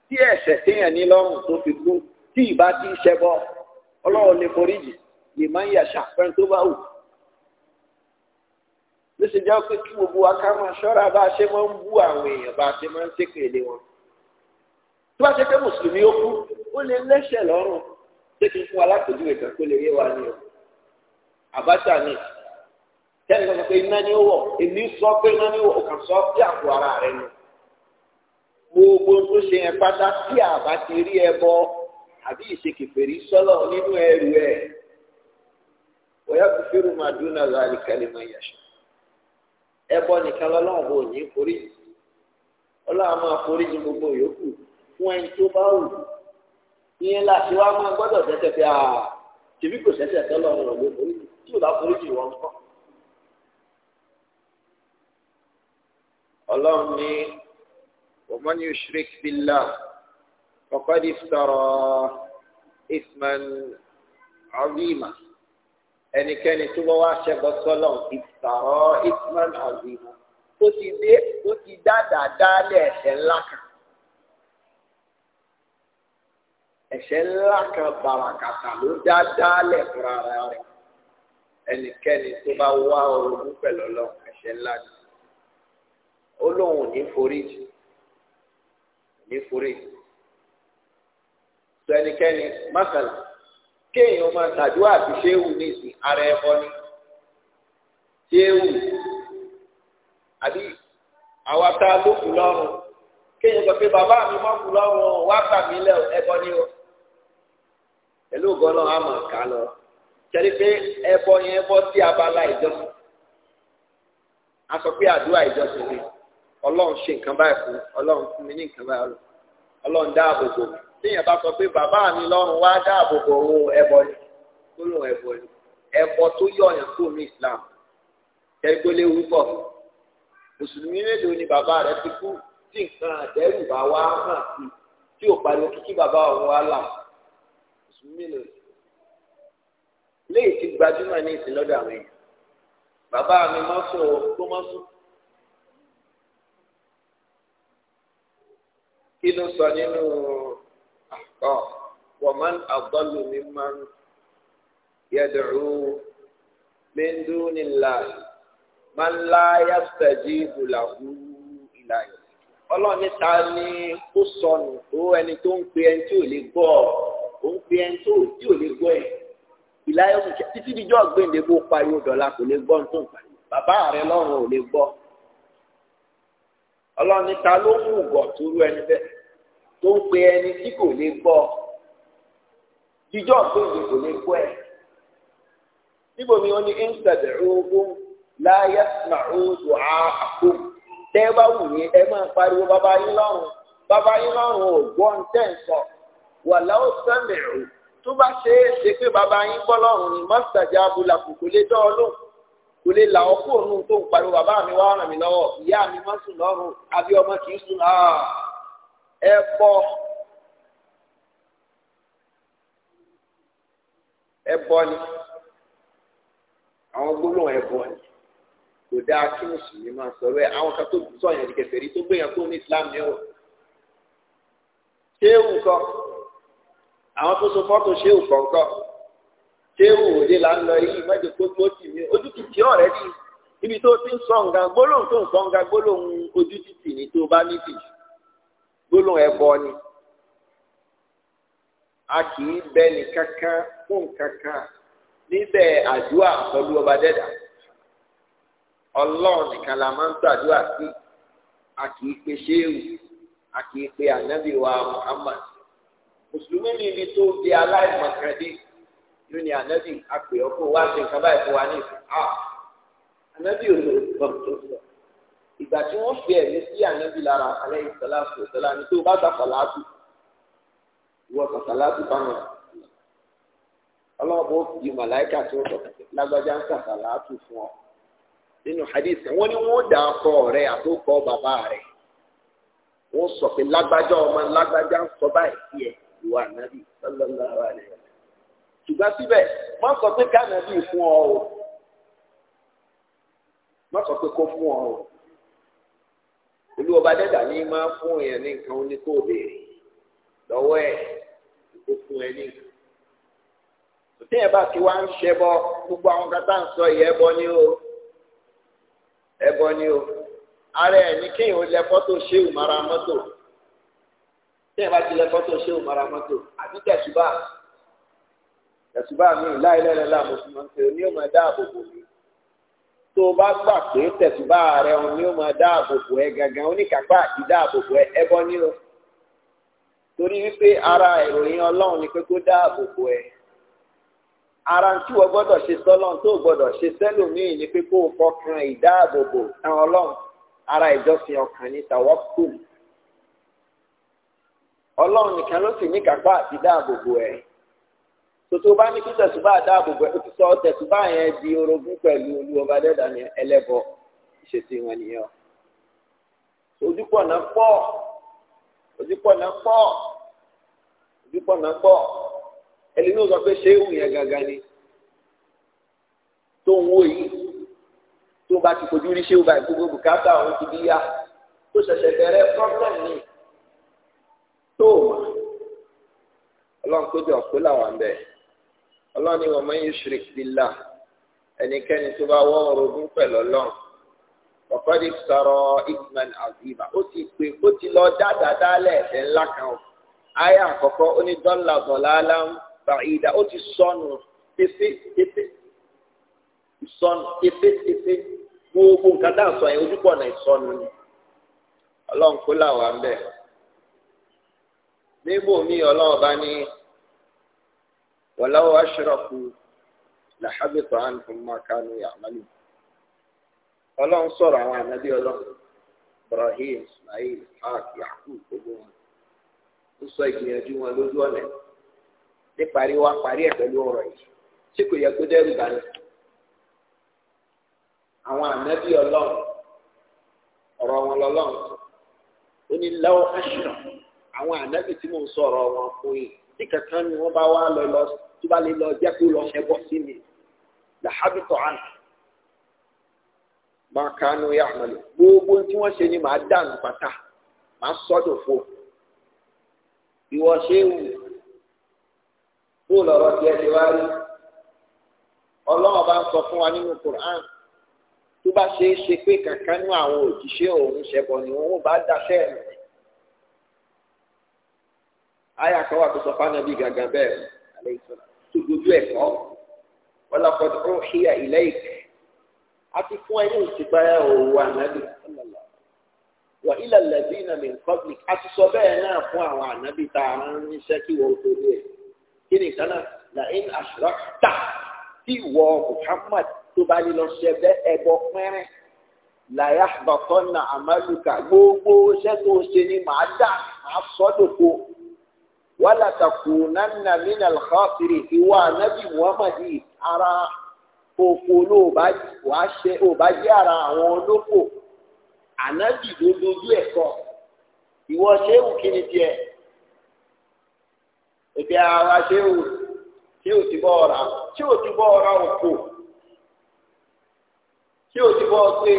tí ẹ̀ṣẹ̀ téèyàn ní lọ́rùn tó fi kú tí ìbá ti ṣẹbọ ọlọ́run ní forí jì lè máa ń yàṣà pẹ́ẹ́n tó bá wù ló ṣe jẹ́ pé kí gbogbo wa ká bá ṣe máa ń bú ó lè lẹ́sẹ̀ lọ́rùn ṣé kí n fún alákòjúwe kan kó lè yé wa ni o àbáṣà ni tẹ́lẹ̀ kan pé iná ni ó wọ̀ èmi sọ pé iná ni ó wọ̀ ó kàn sọ ara rẹ ni gbogbo tó ṣe yẹn pátá tí àbá ti rí ẹ bọ àbí ìṣekèfèrí sọ́lọ̀ nínú ẹrù ẹ̀ wọ́yá kò fẹ́rù máa dún náà láàrin kálímọ̀ ìyàṣọ. ẹbọ nìkan lọ́lọ́run bò ní forí ọlọ́run máa forí gbogbo yòókù fún ẹni tó bá wù ìyẹn la ṣe wá máa gbọ́dọ̀ tẹ́tẹ́ fi àà ah, tèmi kò sẹ́sẹ̀ tọ́lọ̀ ọ̀rọ̀ ló forí tí ò bá forí jù wọ́n kọ́. ọlọ́run ní ọmọnì yushrik billah faqad iftara isman azima ẹnikẹ́ni tó bá wá ṣẹbọ sọ́lọ̀ iftara isman azima ó ti dá dàda lẹ́ẹ̀ṣẹ̀ ńlá kan. ẹ̀ṣẹ̀ ńlá kan bàràkàtà ló dá dálẹ̀ fúnra rẹ̀ ẹnikẹ́ni tó bá wá orogún pẹ̀lú ọlọ́run ẹ̀ṣẹ̀ ńlá ni ó lóun ò ní foríjì ò ní foríjì tó ẹnikẹ́ni mákàlá kéèyàn máa tàdúrà àti ṣéwù ní ìsìn ara ẹbọ ni ṣéwù àbí àwa tá ló kù lọ́rùn kéèyàn sọ pé bàbá mi mọ́ kù lọ́rùn wá gbà mí ni o pẹ̀lú ògbọ́nà àmọ̀ ká lọ tẹ́lẹ̀ pé ẹbọ yẹn bọ́ sí abala ìjọsìn a sọ pé àdúrà ìjọsìn ni ọlọ́run ṣe nǹkan báyìí fún ọlọ́run fún mi ní nǹkan báyìí ọlọ́run dáàbò bò mí téèyàn bá sọ pé bàbá mi lọ́run wá dáàbò bò òun ẹbọ ni tó lò ẹbọ ni ẹbọ tó yọ̀yàn kúrò ní Islam tẹ́gbólé wúkọ̀ mùsùlùmí mélòó ni bàbá rẹ ti kú tí nǹkan àdẹ́rù bá wá hàn sí tí ò pariwo kíkí bàbá òun wá là mùsùlùmí lò sí léyìí ti gbajúmọ̀ ní ìsìn lọ́dọ̀ àwọn èèyàn bàbá mi má sọ tó má sùn kí ló sọ nínú àkọ́ wọ́n àgbọ́lù mi máa ń yẹ̀dùrú mi nílà máa ń láyà sẹ̀jì ìbùlàkú ìlàyé ọlọ́ọ̀ni ta ni ó sọnù tó ẹni tó ń pe ẹni tí ò lè gbọ́ ọ̀rọ̀ òun pe ẹni tó tí ò lè gbọ́ ẹ̀ ìláyọ̀ kò ṣe títí dijọ́ gbèǹde bó pariwo dọ̀la kò lè gbọ́ nítorí pariwo bàbá rẹ lọ́rùn ò lè gbọ́ ọlọ́ni ta ló ń wùgọ̀ tó rú ẹni bẹ́ẹ̀ tó ń pe ẹni tí kò lè gbọ́ dijọ́ gbèǹde kò lè gbọ́ ẹ̀ níbo mi wọn ni ìǹtẹ̀dẹ̀ ogun láyé màrúdù àkó tẹ́ bá wù yín ẹ máa pariwo bàbá yín lọ́rùn bàbá yín lọ́rùn ò gbọ́ ń tẹ̀ ń sọ wàláwò sẹ́mìrì tó bá ṣe é ṣe pé bàbá yín gbọ́ lọ́rùn ni mọ́sítàjà abúlàkù kò lè dán ọ lóhùn kò lè là ọkú òun tó ń pariwo bàbá mi wá ràn mí lọ́wọ́ ìyá mi má sùn lọ́rùn àbí ọmọ kì í sùn ah! ẹ bọ́ ẹ bọ́ ni àwọn gbólóhùn ẹ bọ́ ni kò dáa kí mùsùlùmí máa sọ̀rọ̀ ẹ àwọn kan tó sọ̀yàn kèfèrí tó gbéyàn kó ní Islam ni ó ṣé òun kan àwọn tó so fọ́tò ṣéwù kọ̀ọ̀kan ṣéwù òde là ń lọ yìí mẹ́jọ kó tó tì mí ojú títì ọ̀rẹ́ ni ibi tó ti ń sọ nǹkan gbólóhùn tó ń sọ nǹkan gbólóhùn ojú títì ni tó bá níbi gbólóhùn ẹ̀bọ ni a kì í bẹ́ni kankan fún kankan níbẹ̀ àdúrà pẹ̀lú ọba dẹ́dà ọlọ́run nìkan la máa ń gbàdúrà sí a kì í pe ṣéwù a kì í pe ànábì Muhammad mùsùlùmí mi ni tó di aláìmọ̀kàndé yóò ní ànábì àpè ọkọ wa ṣe nǹkan báyìí fún wa ní ìfún a ànábì ò lè gbọ́ tó sọ ìgbà tí wọ́n fi ẹ̀mí sí ànábì lára alẹ́ ìsọlá sọ̀tọ́lá ni tó bá sàfàlátù ìwọ sàfàlátù bá wọn ọlọ́ọ̀bù yìí màláìkà tó sọ lágbájá ń sàfàlátù fún ọ nínú hadith wọn ni wọn dà kọ rẹ àtòkọ bàbá rẹ wọn sọ pé lágbájá ọmọ lágbájá ń sọ báyìí sí ẹ ìwà nàbì sallallahu alaihi wasallam ṣùgbọ́n síbẹ̀ wọ́n sọ pé ká nàbì fún ọ o wọ́n sọ pé kó fún ọ o olúwọba dẹ́gbà ní máa fún èèyàn ní nǹkan ní kó béèrè lọ́wọ́ ẹ̀ kó fún ẹ ní nǹkan tẹ́yẹ̀ bá ti wá ń ṣẹbọ gbogbo àwọn kata ń sọ yìí ẹbọ ni o ẹbọ ni o ara ẹ̀ ní kéèyàn lẹ fọ́tò ṣéwù mara mọ́tò tẹ́yìn bá ti lẹ fọ́tò ṣé o mara mọ́tò àbí tẹ̀sùbà tẹ̀sùbà mi láìlẹ́lẹ́ láàmú fún mi pé ní o máa dáàbò bò mí tó o bá gbà pé tẹ̀sùbà rẹ òun ní o máa dáàbò bò ẹ gangan oníkàgbà àti dáàbò bò ẹ ẹbọ ní o torí wípé ara ìròyìn ọlọ́run ni pé kó dáàbò bò ẹ ara tí wọ́n gbọ́dọ̀ ṣe sọ́lọ́n tó gbọ́dọ̀ ṣe sẹ́lòmíì ni pé kó o fọkàn ìdáàbòbò tán ọlọ́run ara ìjọsìn ọkàn ní tàwọ́kùlù ọlọ́run nìkan ló sì ní kápá àti dáàbòbò ẹ̀ tòtò bá ní kí tẹ̀sùbá dáàbòbò ẹ̀ ó ti sọ tẹ̀sùbá yẹn di orogún pẹ̀lú olúwọba dẹ́dà ní ẹlẹ́bọ ìṣètò ìwọ̀n nìyẹn ojúpọ̀nà pọ̀ ojúpọ̀nà pọ̀ ojúpọ̀nà pọ̀ ẹlẹ́nu sọ pé ṣé ìwù yẹn gangan ni tó ń wò yìí tó bá ti fojú rí ṣé ìwù báyìí gbogbo bùkátà òun ti bí yá tó ṣẹ̀ṣẹ̀ bẹ̀rẹ̀ problem tó wà ọlọ́run tó jẹ́ ọ̀pẹ́ làwọn bẹ́ẹ̀ ọlọ́run ni wọ́n mọ̀ yín ṣirik billah ẹnikẹ́ni tó bá wọ́n orogún pẹ̀lú ọlọ́run ọ̀pẹ́ni sọ̀rọ̀ isman azima ó ti pè ó ti lọ dáadáa dálẹ̀ ẹ̀ṣẹ̀ ńlá kan o ayé àkọ́kọ́ ó ní dọ́là bọ̀láàlá ń fa ìdá ó ti sọnù tẹ́fẹ́tẹ́fẹ́ ìsọnù tẹ́fẹ́tẹ́fẹ́ gbogbo nǹkan dáhùn sọ yẹn ojúbọ̀ náà ìsọnù ni ọlọ́run kó làwọn bẹ́ẹ̀. níbo mi ọlọ́run bá ní walaw ashraku làhábìtà anhum ma kanu sọ̀rọ̀ àwọn ànábì ọlọ́run ibrahim ismail haq yakub gbogbo wọn ó sọ ìgbìyànjú wọn lójú ọ̀nà wá parí ẹ̀ pẹ̀lú ọ̀rọ̀ yìí tí kò yẹ kó dẹ́rù wọn ó àwọn ànábì tí mò ń sọ̀rọ̀ wọn fún yìí tí kankan ni wọ́n bá wá lọ lọ tó bá lè lọ jẹ́ kó lọ ṣẹbọ sí mi làhábìtọ̀ àná máa kánú yà àmàlù gbogbo tí wọ́n ṣe ni màá dànù pátá màá sọ́dọ̀ fún ìwọ ṣé wù kó lọ́rọ̀ tiẹ̀ ti wá rí ọlọ́run bá ń sọ fún wa nínú Qur'an tó bá ṣe é ṣe pé kankan nú àwọn òjíṣẹ́ òun ṣẹbọ ni wọn ò bá dáṣẹ́ rẹ̀ àyà kan wà tó sọ fáwọn ẹbí gàgàn bẹ́ẹ̀ alẹ́ ìsọ̀rọ̀ tó dojú ẹ̀kọ́ wọn lọ kọjú ó híyà ilẹ̀ ìkẹ́ àti fún ẹni òsìgbáyà òwò ànábì sọlọ́lá wà ilẹ̀ lẹ́bí iná mi kọ́bìlì àti sọ bẹ́ẹ̀ náà fún àwọn ànábì tá a rán níṣẹ́ kí wọ́n tó dé kí ni ìtàn náà làyín àṣírọ́ tà tí ìwọ Muhammad tó bá ní lọ ṣe bẹ́ẹ̀ ẹbọ pẹ́rẹ́ làyà bàtọ́ nà àmàlùkà gbogbo iṣẹ́ tó ṣe ni màá dà màá sọ́dọ̀ kó wala takunanna minal khasirin ìwà ànábì muhammad ara òfò ló bá jẹ́ ara àwọn olóko ànábì ló dojú ẹ̀kọ́ ìwọ ṣéwù kí ni tiẹ̀ èdè ara ṣéwù tí ò ti bọ́ ọ̀ra tí ò ti bọ́ ọ̀ra òfò tí ò ti bọ́ ọgbẹ́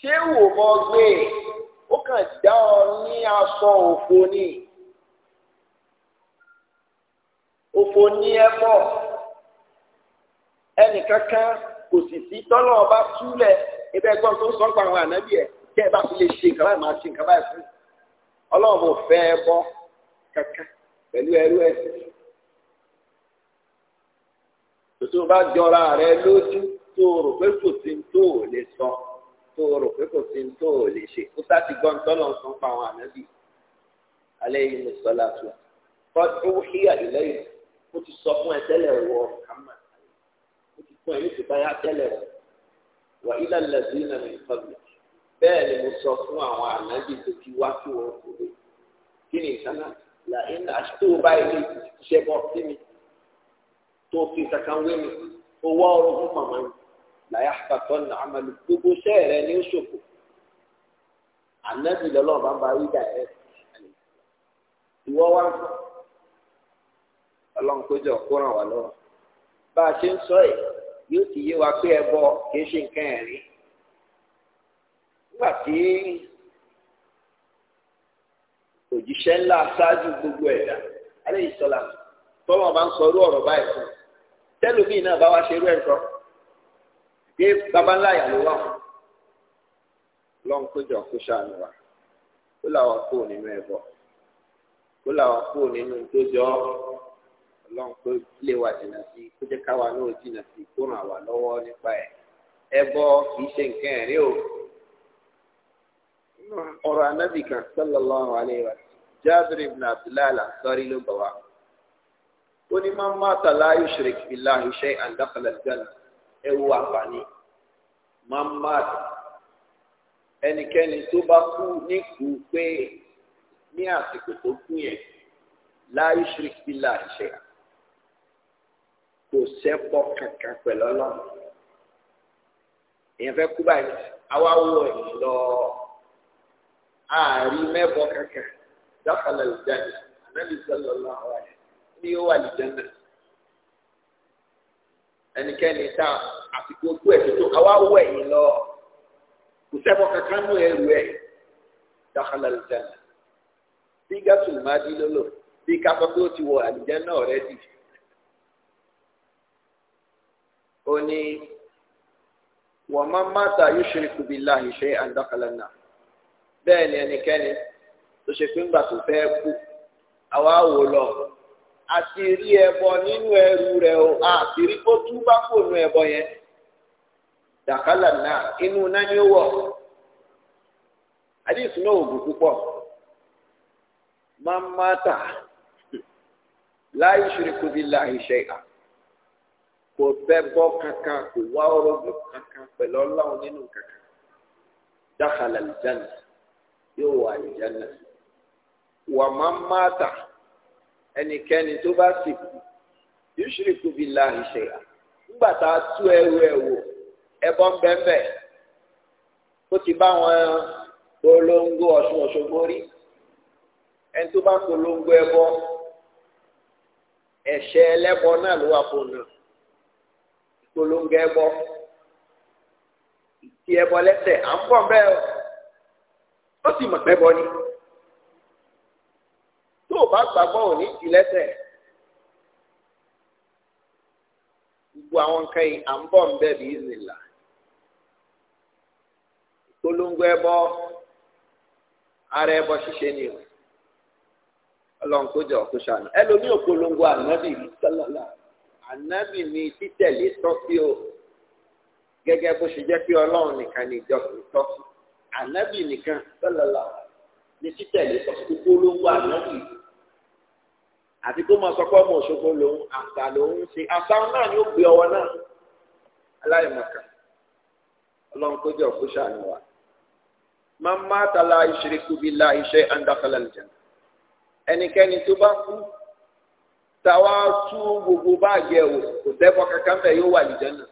ṣéwù ò bọ́ ọgbẹ́ ó kàn dá ọ ní aṣọ òfò ni. òfò ní ẹ̀fọ́ ẹnì kankan kò sì sí tọ́lọ́ ọba túlẹ̀ ibẹ̀ gbọ́n tó sọ pa àwọn ànábì ẹ̀ kẹ́ ẹ bá fi lè ṣe nǹkan báyìí máa ṣe nǹkan báyìí fún ọlọ́run ò fẹ́ ẹ bọ́ kankan pẹ̀lú ẹrú ẹ̀sìn tòtò bá jọra rẹ lójú tó o rò pé kò sí tó o lè sọ tó o rò pé kò sí tó o lè ṣe kó sáà ti gbọ́n tọ́lọ́ sọ pa ànábì alẹ́ yìí ní sọ́lá tó kọ́ tó híyà ìlẹ́yìn ó ti sọ fún ẹ tẹ́lẹ̀ wọ kàmá ó ti fún ẹ ní ìfipáyà tẹ́lẹ̀ wọ wà ilà lẹ́sí iná mi kọ́lù bẹ́ẹ̀ ni mo sọ fún àwọn ànábì tó ti wá kí wọ́n kú lé kí ni ìsáná là ń aṣọ tó báyìí lè ṣe bọ́ sí mi tó fi kankan wé mi owó ọrọ̀ fún màmá mi làyà àpàtọ́ nà àmàlù gbogbo iṣẹ́ rẹ ní oṣòfò ànábì lọ́lọ́ọ̀bá bá rí dà ẹ̀ ìwọ́ wá ń sọ ọlọ́run kó jọ kó ràn wá lọ́wọ́ bá a ṣe ń sọ ẹ̀ yóò ti yé wa pé ẹbọ kìí ṣe nǹkan ẹ̀rín nígbà tí òjíṣẹ́ ńlá ṣáájú gbogbo ẹ̀dá alẹ́ ìsọ̀lá tọ́lọ́ bá ń sọ irú ọ̀rọ̀ báyìí fún un tẹ́lómìn náà bá wá ṣe irú ẹ̀ sọ pé babańlá yà ló wà fún un kó jọ kó ṣàánú wa kó làwọn kó nínú ẹbọ kó làwọn kó nínú tó jọ ọ́ ọlọ́run kó lè wà jìnnà sí kó jẹ́ káwa náà jìnnà sí kó ràn wá lọ́wọ́ nípa ẹ̀ ẹbọ kì í ṣe nǹkan ẹ̀rí o ọ̀rọ̀ anábì kan sallallahu alayhi wa jábìrì ibn abdullahi al-ansari ló bọ̀ wá ó ní máa ń má tàlá yushrik billahi shay'an dakhala al-janna ẹ wo àǹfààní máa ń má ẹnikẹ́ni tó bá kú níkú pé ní àsìkò tó kú yẹn la yushrik billahi shay'an kò sẹ́pọ̀ kankan pẹ̀lú ọlọ́run èèyàn fẹ́ kú báyìí àwa wọ ìlọ ààrí mẹ́bọ̀ kankan dákàlà ìjáde ànábì sọlọ lọ́wọ́ rẹ̀ ní ó wà lìjánà ẹnikẹ́ni tá àsìkò ojú ẹ̀ tó tó àwa wọ ẹ̀yìn lọ kò sẹ́pọ̀ kankan nù ẹrù ẹ̀ dákàlà ìjáde bí gàtùmáàdì lọ́lọ́ bí kápákó ti wọ àlìjánà ọ̀rẹ́dì. ó ní wọ́n máa mata yushriku billahi kubi dakhala an-nar bẹ́ẹ̀ ni ẹnikẹ́ni tó ṣe pé ńgbà tó fẹ́ kú àwa wò lọ àti rí ẹbọ nínú ẹrù rẹ o àti rí kó tú bá kó ẹbọ yẹn dakhala an-nar inú náà ni ó wọ̀ àdìsí náà ògùn púpọ̀ máa mata la yushriku billahi shay'an. kò bẹ́bọ́ kankan kò wá orogún kankan pẹ̀lú ọlọ́run nínú kankan dakhala aljanna yóò wà aljanna wa man mata ẹnikẹ́ni tó bá sì kú yushriku billahi shay'a nígbà tá a tú ẹrù ẹ̀ wò ẹbọ ń bẹ́ ń ó ti bá wọn polongo Ọ̀ṣun Òṣogbo rí ẹni tó bá polongo ẹbọ ẹ̀ṣẹ̀ ẹlẹ́bọ náà ló wà fún un náà polongo ẹbọ ìtì ẹbọ lẹ́sẹ̀ à ń bọ̀ bẹ́ẹ̀ ó sì mọ̀ pẹ́bọ ni tó o bá gbàgbọ́ òní ìtì lẹ́sẹ̀ gbogbo àwọn nǹkan yìí à ń bọ̀ bẹ́ẹ̀ bí ìzìlá polongo ẹbọ ara ẹbọ ṣíṣe ni o ọlọ́run kó jọ kó ṣàná ẹlòmíì òpolongo ànábì sálálà ànábì mi títẹ̀lé tọ́sí o gẹ́gẹ́ bó ṣe jẹ́ pé ọlọ́run nìkan ni ìjọsìn tọ́sí ànábì nìkan sọ́lọ́lá ní títẹ̀lé tọ́sí gbogbo ló ń wá ànábì àti tó máa sọ pé ọmọ òṣogbo lòun àgbà lòun ṣe àtàwọn náà ni ó gbé ọwọ́ náà aláìmọ̀kan ọlọ́run kó jẹ́ òkú ṣàánú wa máa ń má tala ìṣeré kúbi la iṣẹ́ àǹdàkọ́lá ìjẹun ẹnikẹ́ni tó bá kú tàwa tú gbogbo báàgì ẹ̀ wò kò sẹ́bọ̀ kankan bẹ́ẹ̀ yóò wà nìjẹ́ náà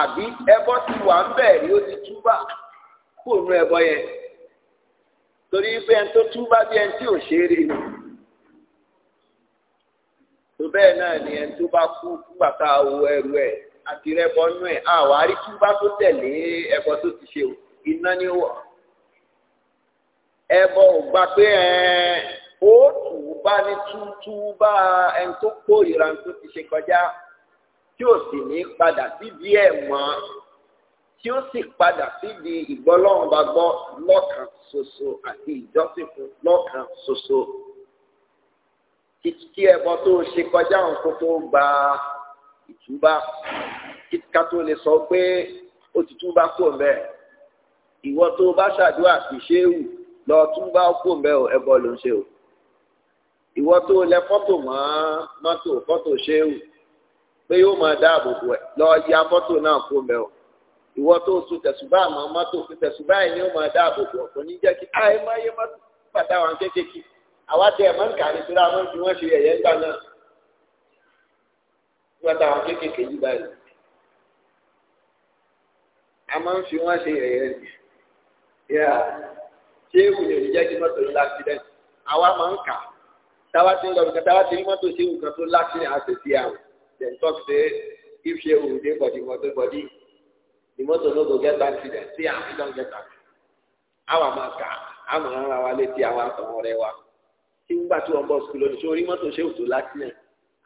àbí ẹbọ ti wà ń bẹ̀ rí ó ti túbà kó nu ẹbọ yẹn torí pé ẹni tó túbà bí ẹni tí ò ṣe é rí ni tó bẹ́ẹ̀ náà ni ẹni tó bá kú nígbà tá a wo ẹrù ẹ̀ àti rẹ́bọ nú ẹ̀ àwọn arítúbà tó tẹ̀lé ẹbọ tó ti ṣe iná ní wọ̀ ẹbọ ò gbà pé ẹ̀ẹ́ ó tù ú bá ní túútú bá ẹni tó kó ìran tó ti ṣe kọjá tí ó sì ní padà síbi ẹ̀ mọ́ tí ó sì padà síbi ìgbọ́lọ́runba gbọ́ lọ́kàn ṣoṣo àti ìjọsìn fún lọ́kàn ṣoṣo kí ẹbọ tó ṣe kọjá nǹkan tó gba ìtúbà kíkà tó lè sọ pé ó ti túbà kó mbẹ ìwọ tó bá ṣàdúrà kì í ṣe é wù lọ túbà kó mbẹ ẹbọ ló ń ṣe o ìwọ tó lẹ fọ́tò mọ́ mọ́tò fọ́tò ṣéwù pé yóò máa dáàbò bò ẹ lọ ya fọ́tò náà kó mẹ o ìwọ tó sun tẹ̀sùbá àmọ́ mọ́tò fi tẹ̀sùbá yìí ni ó máa dáàbò bò ọ kò ní jẹ́ kí ayé má yé má pàtà wọn kéékèèké àwa tẹ ẹ máa ní tura wọn fi wọn ṣe ẹyẹ ńgbà náà pàtà wọn kéékèèké yìí báyìí a máa ń fi wọn ṣe ẹyẹ ṣéwù ni ò ní jẹ́ kí mọ́tò yìí láti àwa máa ń kà á táwa ti ń lọ nǹkan táwa ti rí mọ́tò ṣé nǹkan tó lákìrìn àti sí àwọn dem talk say if ṣe òun dey body body body the motor no go get accident see am e don get accident àwọn àmà ká àmà ara wa létí àwọn àtọ̀wọ̀n rẹ wa tí nígbà tí wọ́n bọ̀ sùkúl lónìí ṣé orí mọ́tò ṣé òtò lákìrìn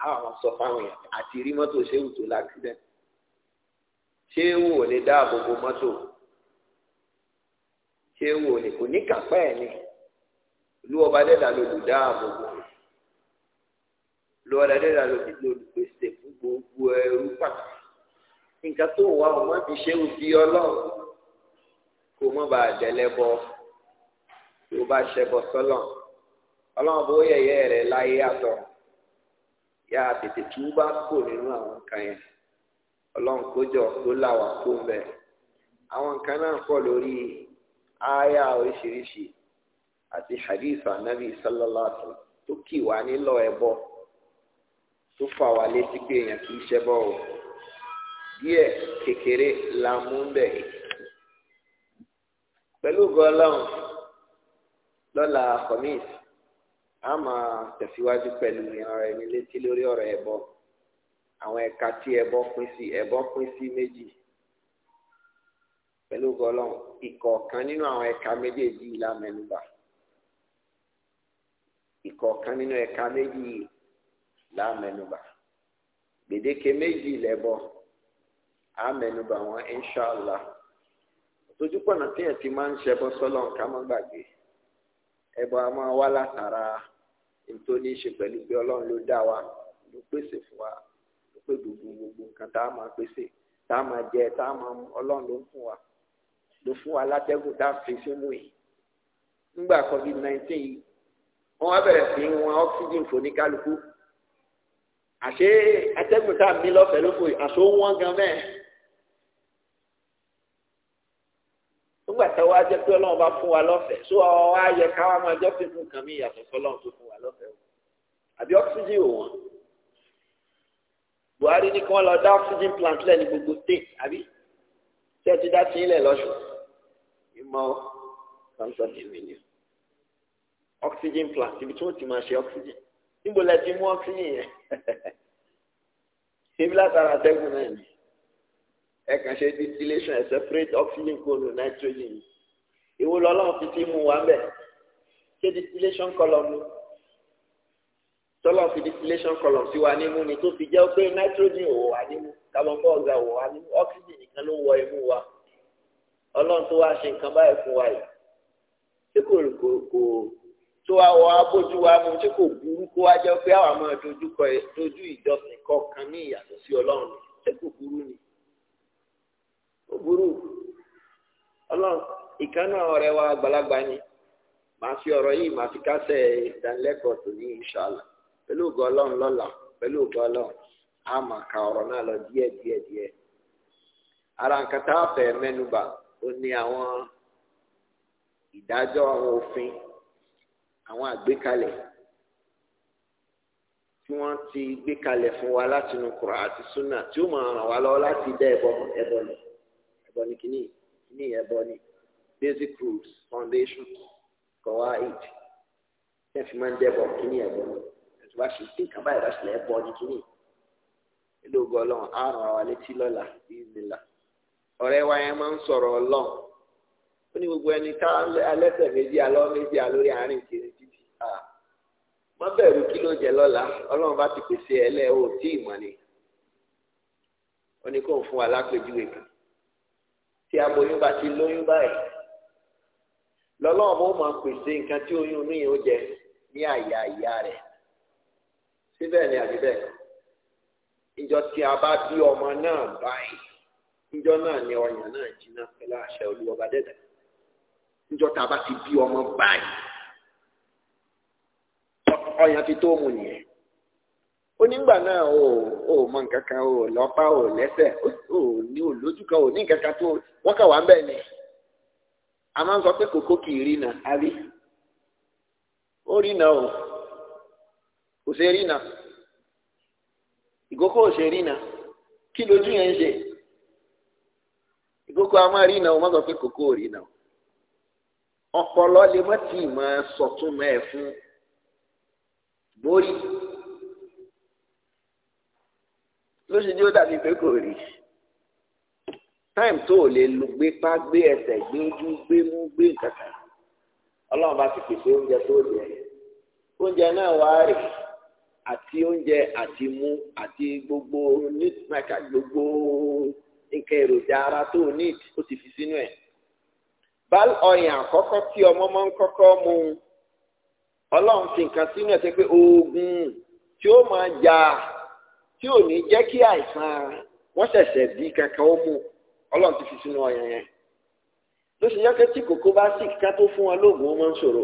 àwọn àwọn sọ fáwọn yẹn àti rí mọ́tò ṣé òtò lákìrìn ṣé wò lè dáàbò bo mọ́tò ṣé wò lè kò ní kàpẹ́ ẹ̀ ni olú ọba dẹ́dà ló lù dáàbò lọ́wọ́dà dẹ́rẹ́ àlòkí lòlùpèsè fún gbogbo ẹrú pàtàkì nǹkan tó wà ó má fi ṣe òbí ọlọ́run kó má bàa dẹ́lẹ́bọ tó bá ṣẹbọ sọ́lọ̀ ọlọ́run bó yẹ̀yẹ́ rẹ̀ láyé àtọ̀ yá tètè tú bá kò nínú àwọn nǹkan yẹn ọlọ́run kójọ tó là wá kó ń bẹ̀ àwọn nǹkan náà pọ̀ lórí ááyá oríṣiríṣi àti hadith anabi sallallahu alaihi wa sallam tó kì wá nílò ẹbọ. E tó fà wá létí pé èèyàn kì í ṣẹbọ o díẹ̀ kékeré la mú bẹ̀ pẹ̀lú gọlọ́hún lọ́la kọ̀mís a máa tẹ̀síwájú pẹ̀lú ìran ẹni létí lórí ọ̀rọ̀ ẹbọ àwọn ẹ̀ka tí ẹbọ pín sí ẹbọ pín sí méjì pẹ̀lú gọlọ́hún ìkọ̀ọ̀kan nínú àwọn ẹ̀ka méjèèjì la mẹ́nubà ìkọ̀ọ̀kan nínú ẹ̀ka méjì láàmẹnubà gbèdéke méjì lẹ́bọ̀ àmẹnubà wọn inṣàlá tójúpọ̀nà tí ẹ̀ ti máa ń ṣẹbọ sọ́lọ́n ká má gbàgbé ẹbọ a máa wá látara tó ní í ṣe pẹ̀lú pé ọlọ́run ló dá wa ló pèsè fún wa ló pè gbogbo gbogbo nǹkan tá a máa pèsè tá a máa jẹ tá a máa mu ọlọ́run ló ń fún wa ló fún wa látẹ́gùn tá a fi sínú yìí nígbà covid nineteen yìí wọ́n wá bẹ̀rẹ̀ sí wọn oxygen fòníkálukú àṣé atẹ́gùn tá a mí lọ́fẹ̀ẹ́ ló fò yìí àṣó wọ́n gan mẹ́ẹ̀. nígbà táwa jẹ́ pé ọlọ́run bá fún wa lọ́fẹ̀ẹ́ só ọ ayẹ káwa máa jọ́ fi fún kàn mí ìyàtọ̀ sọlọ́run tó fún wa lọ́fẹ̀ẹ́ o àbí ọ́ksíjì ò wọ́n. Buhari ní kí wọ́n lọ dá oxygen plant lẹ̀ ní gbogbo state àbí tí ẹ ti dá sí ilẹ̀ lọ́sùn ìmọ̀ samson emmanuel oxygen plant ibi tí wọ́n ti máa ṣe oxygen níbo la ti mú ọ́fíìnì yẹn ibi látara atẹ́gùn náà ni ẹ kàn ṣe distillation ẹ separate oxygen kóònù nitrogen ìwo lọ́lọ́run fi ti mú wa bẹ̀ ṣé distillation column tọ́lọ́ fi distillation column sí wa nímú ni tó fi jẹ́ pé nitrogen ò wà nímú carbon dioxide ò wà nímú oxygen nìkan ló wọ imú wa ọlọ́run tó wá ṣe nǹkan báyìí fún wa yìí ṣé kò kò kò. tó wá wọ abójú wa tí kò burú kó wá pé àwọn máa dojú dojú ìjọsìn kọ̀ọ̀kan ní ìyàtọ̀ sí ọlọ́run tí kò burú ni ọlọ́run ìkànnà ọ̀rẹ́ wa àgbàlagbà ni màá fi ọ̀rọ̀ yìí màá fi kásẹ̀ ìdánilẹ́kọ̀ọ́ tó ní ìṣàlà pẹ̀lú ọlọ́run lọ́la pẹ̀lú ọlọ́run àwọn àgbékalẹ̀ tí wọ́n ti gbé kalẹ̀ fún wa láti inú kura àti súnà tí ó máa ràn wá lọ́wọ́ láti dá ẹbọ ẹbọ ni ẹbọ ni kìíní kìíní ẹbọ ni basic rules foundation kọ̀wá eight ten fi máa ń dẹ́bọ̀ kìíní ẹbọ ni ẹ̀tọ́ bá ṣe tí nǹkan báyìí bá ṣẹlẹ̀ ẹbọ ni kìíní ilé ogun ọlọ́run á ràn wá létí lọ́la ìzìlá ọ̀rẹ́ wa yẹn máa ń sọ̀rọ̀ ọlọ́run ó ní gbogbo ẹni tá alẹ́sẹ̀ méjì má bẹ̀rù kí ló jẹ lọ́la ọlọ́run bá ti pèsè ẹlẹ́ o tí ìmọ̀ ni ó ní kó fún wa lápèjúwe kan tí aboyún bá ti lóyún báyìí lọ́lọ́run bó máa pèsè nǹkan tí oyún inú yìí jẹ ní àyà ìyá rẹ̀ ni ìjọ tí a bá ọmọ náà báyìí ìjọ náà ni ọyàn náà jiná pẹ̀lú àṣẹ ìjọ tá a bá ti bí ọmọ báyìí. ọyàn fi tó mu nìyẹn ó nígbà náà ò ò mọ nǹkan kan ò lọ́pá ò lẹ́sẹ̀ ní kan ní nǹkan kan tó wọ́n kà wá ń bẹ̀ ni a máa ń sọ pé kòkó kì í rí nà á rí ó o kò ṣe rí nà ìkókó ò ṣe rí nà kí lójú yẹn ń ṣe ìkókó o má ọpọlọ lè má tì í máa borí ló ṣe jẹ́ ó dàbí pé kò rí táìmù tó ò lè lu gbé pá gbé ẹsẹ̀ gbé ojú gbé mú gbé nǹkan ọlọ́run bá ti pèsè oúnjẹ tó jẹ oúnjẹ náà wá rè àti oúnjẹ àti mú àti gbogbo nípa gbogbo nǹkan èròjà ara tó ní ó ti fi sínú ẹ̀ bá ọyàn àkọ́kọ́ tí ọmọ máa ń kọ́kọ́ mu ọlọ́run ti nǹkan sínú ẹ̀ pé oògùn tí ó máa jà tí ò ní jẹ́ kí àìsàn wọ́n ṣẹ̀ṣẹ̀ bí kankan ó mú ọlọ́run ti fi sínú ọyàn yẹn tí kòkó bá sì ká tó fún wọn lóògùn ó máa ń ṣòro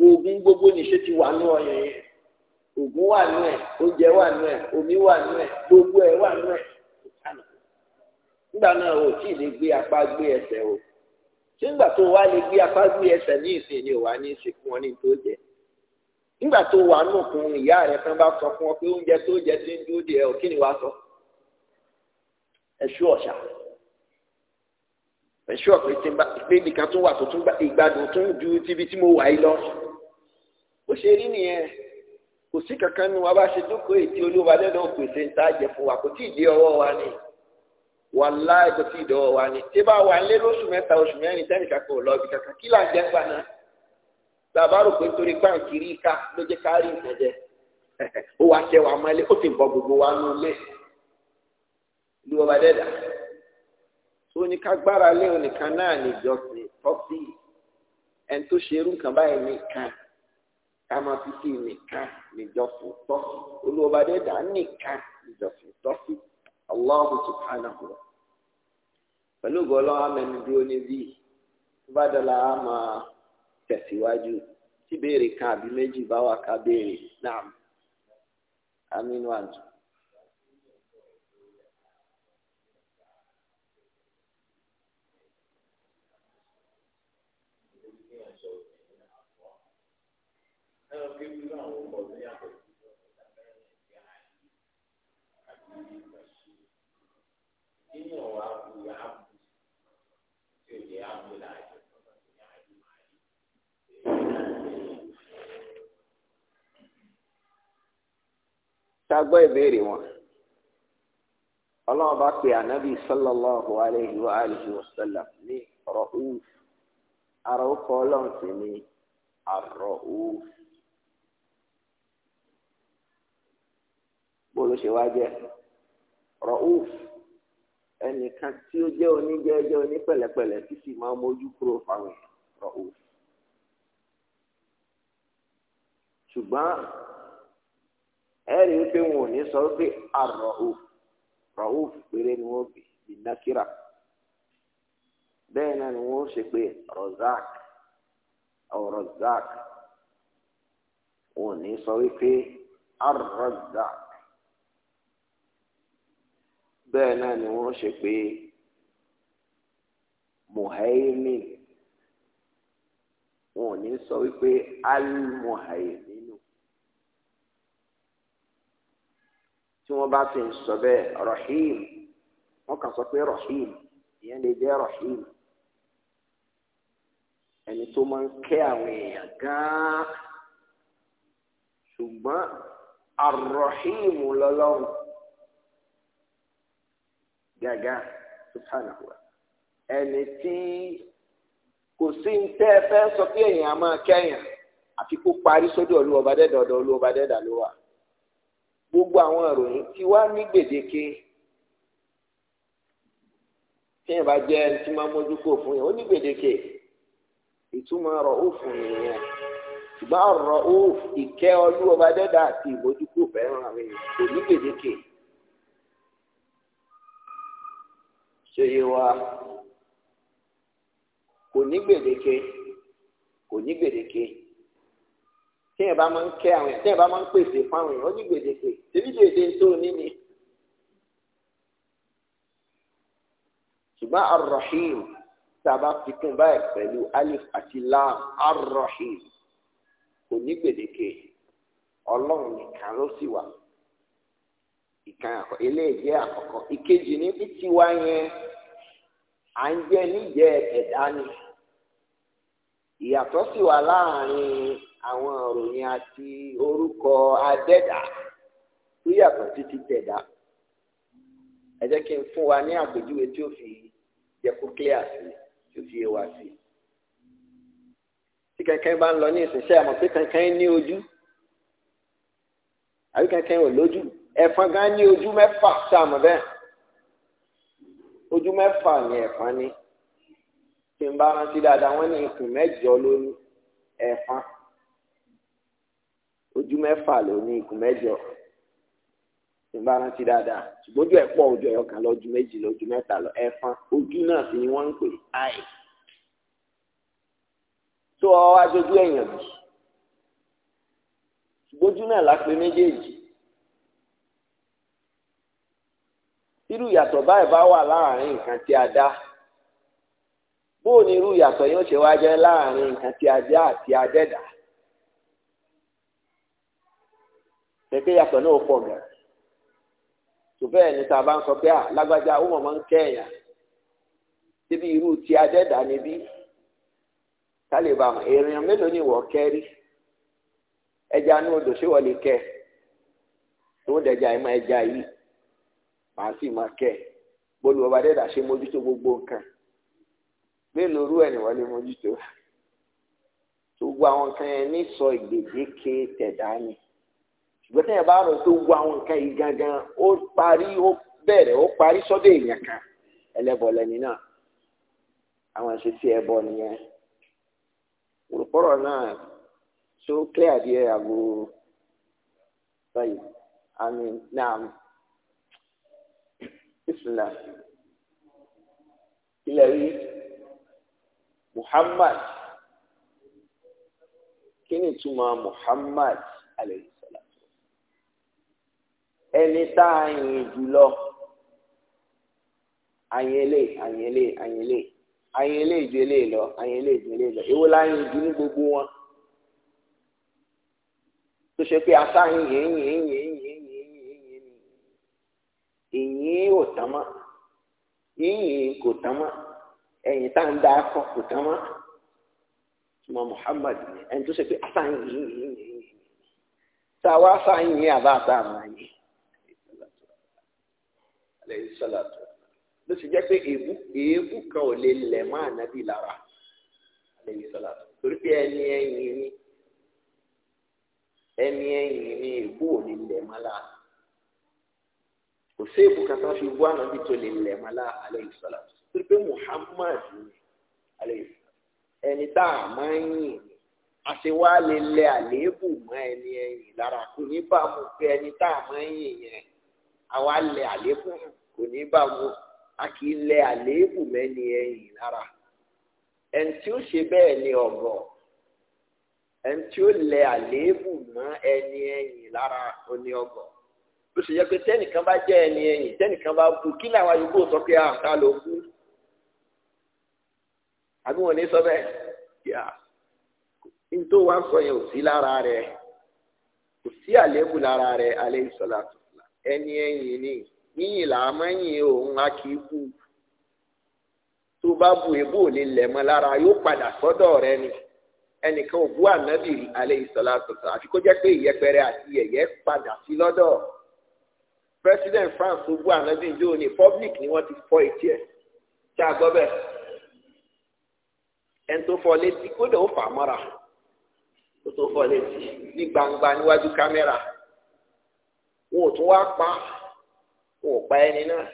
oògùn gbogbo ti wà ní ọyàn oògùn wà nú ẹ̀ oúnjẹ wà nú ẹ̀ omi wà nú ẹ̀ gbogbo ẹ̀ wà nú nígbà tó wá lè gbé apá gbé ẹsẹ̀ ní ìsìn ni òwá ní ìsìnkú wọn ní tó jẹ nígbà tó wà nù kún ìyá rẹ kan bá sọ fún ọ pé oúnjẹ tó jẹ ti ń dúró de ẹ ò kí ni wàá sọ ẹṣú ọ̀ṣà ẹṣú ọ̀pẹ tí pé nìkan tún wà tó tún ìgbádùn tún ju tíbi tí mo wà yìí lọ bó ṣe rí nìyẹn kò sí kankan nu wa bá ṣe dúkòó ètí olúwa lẹ́nu òpèsè ń tá a fún wa kò tí ì dé ọwọ́ wa nìyẹn wàláì kò tí ì dọ́wọ́ wa ni tí bá wà ń lé lóṣù mẹ́ta oṣù mẹ́rin tẹ́nìkan kò lọ ibi kankan kí là ń jẹ́ gbà náà bàbá rò pé nítorí pàǹkì rí ká ló jẹ́ ká rí ìtàn jẹ ó wàá tẹ wàá mọ́lé ó ti bọ́ gbogbo wa nù lé ìlú ọba dẹ́dà tó ní ká gbára lé onìkan náà níjọsìn tọ́sí ẹni tó ṣe irú nǹkan báyìí nìkan ká máa fi sí nìkan níjọsìn tọ́sí olú ọba dẹ́dà nìkan tọ́sí. Allahu subhanahu wa pẹ̀lú gọ́lọ́ amẹ́nu dúró níbí tó bá dọ̀la a máa tẹ̀síwájú tí béèrè kan àbí méjì bá wà ká béèrè náà amínú àjò. Thank you. ta gbọ́ ìbéèrè wọn ọlọ́run bá pe ànábì sallallahu alayhi wa alihi wa sallam ní ra'uf ara ó kọ́ ọlọ́run sí ní ar-ra'uf bó ló ṣe wá jẹ́ ra'uf ẹnìkan tí ó jẹ́ oníjẹ́jẹ́ onípẹ̀lẹ́pẹ̀lẹ́ tí sì máa mójú kúrò fáwọn èèyàn ra'uf ṣùgbọ́n. ẹ̀rí wípé wọn ò ní sọ wípé péré ni wọ́n bì bí nákírà bẹ́ẹ̀ náà ni wọ́n ṣe pé wọn ò ní sọ wípé bẹ́ẹ̀ al tí wọ́n bá fi ń sọ bẹ́ẹ̀ rahim wọ́n kàn sọ pé rahim ìyẹn lè jẹ́ rahim ẹni tó máa ń kẹ́ àwọn èèyàn gan-an ṣùgbọ́n arrahim lọ́lọ́run gàgà subhanahu wa ẹni tí kò sí ń tẹ́ ẹ fẹ́ sọ pé èèyàn máa kẹ́yàn àfi kó parí sódò olúwọba dẹ́dà ọ̀dọ̀ olúwọba dẹ́dà ló wà gbogbo àwọn ìròyìn tí wá ní gbèdéke téèyàn bá jẹ́ ẹni tí máa mójú kó fún yẹn ó ní gbèdéke ìtumọ̀ ọ̀rọ̀ ó fún yẹn ṣùgbọ́n ọ̀rọ̀ ó ìkẹ́ ọlúwọba dẹ́dà àti ìmójúkó fẹ́ràn àwọn èèyàn kò ní gbèdéke. ṣe yé wa kò ní gbèdéke kò ní gbèdéke téèyàn bá máa ń kẹ́ àwọn èèyàn téèyàn bá máa ń pèsè fún àwọn èèyàn ó ní gbèdéke débi gbèdé tó ní ni. ṣùgbọ́n arrahim tá fi kún báyìí pẹ̀lú alif àti lam arrahim kò ní gbèdéke ọlọ́run nìkan ló sì wà ìkan eléyìí àkọ́kọ́ ìkejì ní títí wá yẹn à ń jẹ́ níjẹ́ ẹ̀dá ni ìyàtọ̀ sì wà láàrin àwọn òròyìn àti orúkọ adẹ́dà tó yàtọ̀ títí tẹ̀dá ẹ jẹ́ kí n fún wa ní àpèjúwe tí ó fi jẹ́ kó clear sí tí ó fi yé wa sí tí kankan bá ń lọ ní ìsinsẹ́ àmọ́ pé kankan ní ojú àbí kankan ò lójú ẹ̀fọn gan ní ojú mẹ́fà sáàmù bẹ́ẹ̀ ojú mẹ́fà ni ẹ̀fọn ní tí n bá rántí dáadáa wọ́n ní ikùn mẹ́jọ lónìí. mẹ́fà lóní ikú mẹ́jọ tí n bá rántí dáadáa ṣùgbọ́n ojú pọ̀ ojú kan lọ méjì lọ mẹ́ta lọ ojú náà sì ni wọ́n ń pè áì tó ọ wá dojú ẹ̀yàn ṣùgbọ́n ojú náà lápè méjèèjì irú ìyàtọ̀ báyìí bá wà nǹkan tí a dá bóò ni irú ìyàtọ̀ yóò ṣe pẹ̀kẹ́ yàtọ̀ náà pọ̀ gan. tùbẹ́ ẹni tá a bá ń sọ pé à ah, lágbájá ó mọ̀ mọ́ ń kẹ́ẹ̀yà síbi irú ti adẹ́dà níbí kálíbà èèyàn mélòó ni wọ́n kẹ́rí ẹja ní odò ṣé wọ́n lè kẹ́ tó ń dẹja ẹ̀ mọ́ ẹja yìí màá sì máa kẹ́ bólú ọba adẹ́dà ṣe mójútó gbogbo nǹkan mélòó rú ẹ̀ ni wọ́n lè mójútó gbogbo àwọn nǹkan yẹn ní sọ ìgbèdéke tẹ̀dá ni ṣùgbọ́n tẹ̀yìn bá rò tó wo àwọn nǹkan yìí gangan ó parí ó bẹ̀rẹ̀ ó parí sọ́dọ̀ èèyàn kan ẹlẹ́bọ lẹ́ni náà àwọn ìṣesí ẹbọ nìyẹn olùkọ́rọ̀ náà tó clear díẹ̀ àgbo báyìí àmì náà ìsìnlá ilẹ̀ rí Muhammad kí ni ìtumọ̀ Muhammad alayhi ẹni tá a yìn jùlọ àyìnlé àyìnlé àyìnlé àyìnlé ju eléyìí lọ àyìnlé ju eléyìí lọ èwo la yìn jù ní gbogbo wọn tó ṣe pé asáyìn yìnyín yìnyín yìnyín yìnyín yìnyín ìyìn ò tán mọ́ yìnyín kò tán mọ́ tá à ń da akọ kò tán mọ́ tuma Muhammad ẹni tó ṣe pé asáyìn yìnyín yìnyín yìnyín tá a wá asáyìn yìnyín àbá àtàwọn yìnyín lẹ́yìn sálàtọ̀ ló sì jẹ́ pé èébú kan ò lè lẹ̀ mọ́ ànábì lára lẹ́yìn sálàtọ̀ torí pé ẹni ẹ̀yìn ni ẹni ẹ̀yìn ni èébú ò lè lẹ̀ mọ́ lára kò sí èébú kan tó fi wú ànábì tó lè lẹ̀ mọ́ lára lẹ́yìn sálàtọ̀ torí pé Muhammad ni ẹni tá a máa ń yìn àṣewá lè lẹ àléébù mọ́ ẹni ẹ̀yìn lára kò ní bá mu pé ẹni tá a máa ń yìn yẹn àwa lẹ àléébù hàn. oniba a kì í lẹ àléébù mẹ́ni ẹ̀yìn lára ẹni tí ó ṣe bẹ́ẹ̀ ni ọ̀gọ̀ ẹni tí ó lẹ àléébù mọ́ ẹni ẹ̀yìn lára ó ní ọ̀gọ̀ ó sì yẹ pé tẹ́nìkan bá jẹ́ ẹni ẹ̀yìn tẹ́nìkan bá bu kí làwọn yòókù sọ pé àǹtá ló kú àbí wọn ní sọ bẹ́ẹ̀ yà nítorí wọn sọ yẹn ò sí lára kò ni. yíyìn là á mọ́yìn òun a kì í bù tó bá bu ebó ò lè lẹ̀ mọ́ lára yóò padà sọ́dọ̀ rẹ ni ẹnìkan ò bú ànábì alẹ́ ìsọ̀lá tuntun àfi kó jẹ́ pé ìyẹpẹrẹ àti ẹ̀yẹ padà sí lọ́dọ̀ president France tó bú ànábì ìjọ ní public ni wọ́n ti fọ́ etí ẹ̀ ṣé a gbọ́ bẹ́ẹ̀ ẹni tó fọ́ létí kódà ó fà á mọ́ra tó tó fọ́ létí ní gbangba níwájú kámẹ́rà wọn ò tún wá pa á wọn ò pa ẹni náà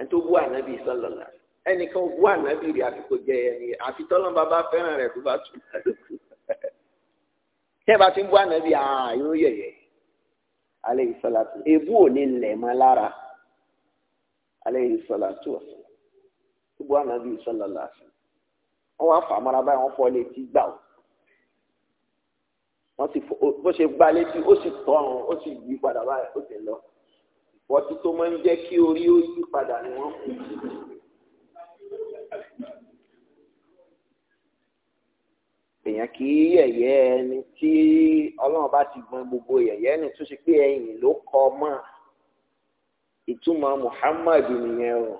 ẹni tó bú ànábì sọlọlá ẹnìkan bú ànábì rẹ àfikò jẹ ẹni àfi tọ́lọ́n bàbá fẹ́ràn rẹ tó bá tù lálùkù tẹ́ bá ti ń bú ànábì àà yóò yẹ̀yẹ̀ alẹ́ ìsọlátù ebú ò ní lẹ̀ mọ́ lára alẹ́ ìsọlátù ọ̀sán tó bú ànábì sọlọlá ọ̀sán wọn wá fàmọ́ra báyìí wọ́n fọ́ létí gbà ọ́ wọ́n sì bó ṣe gbá létí ó sì tọrùn ó sì yí padà báyìí ó sì lọ ìfọ́tí tó máa ń jẹ́ kí orí ó yí padà ni wọ́n kú sí. èèyàn kì í yẹ̀yẹ́ ẹni tí ọlọ́run bá ti gbọ́n gbogbo yẹ̀yẹ́ ẹni tó ṣe pé ẹ̀yìn ló kọ́ mọ́ ìtumọ̀ Muhammad nìyẹn o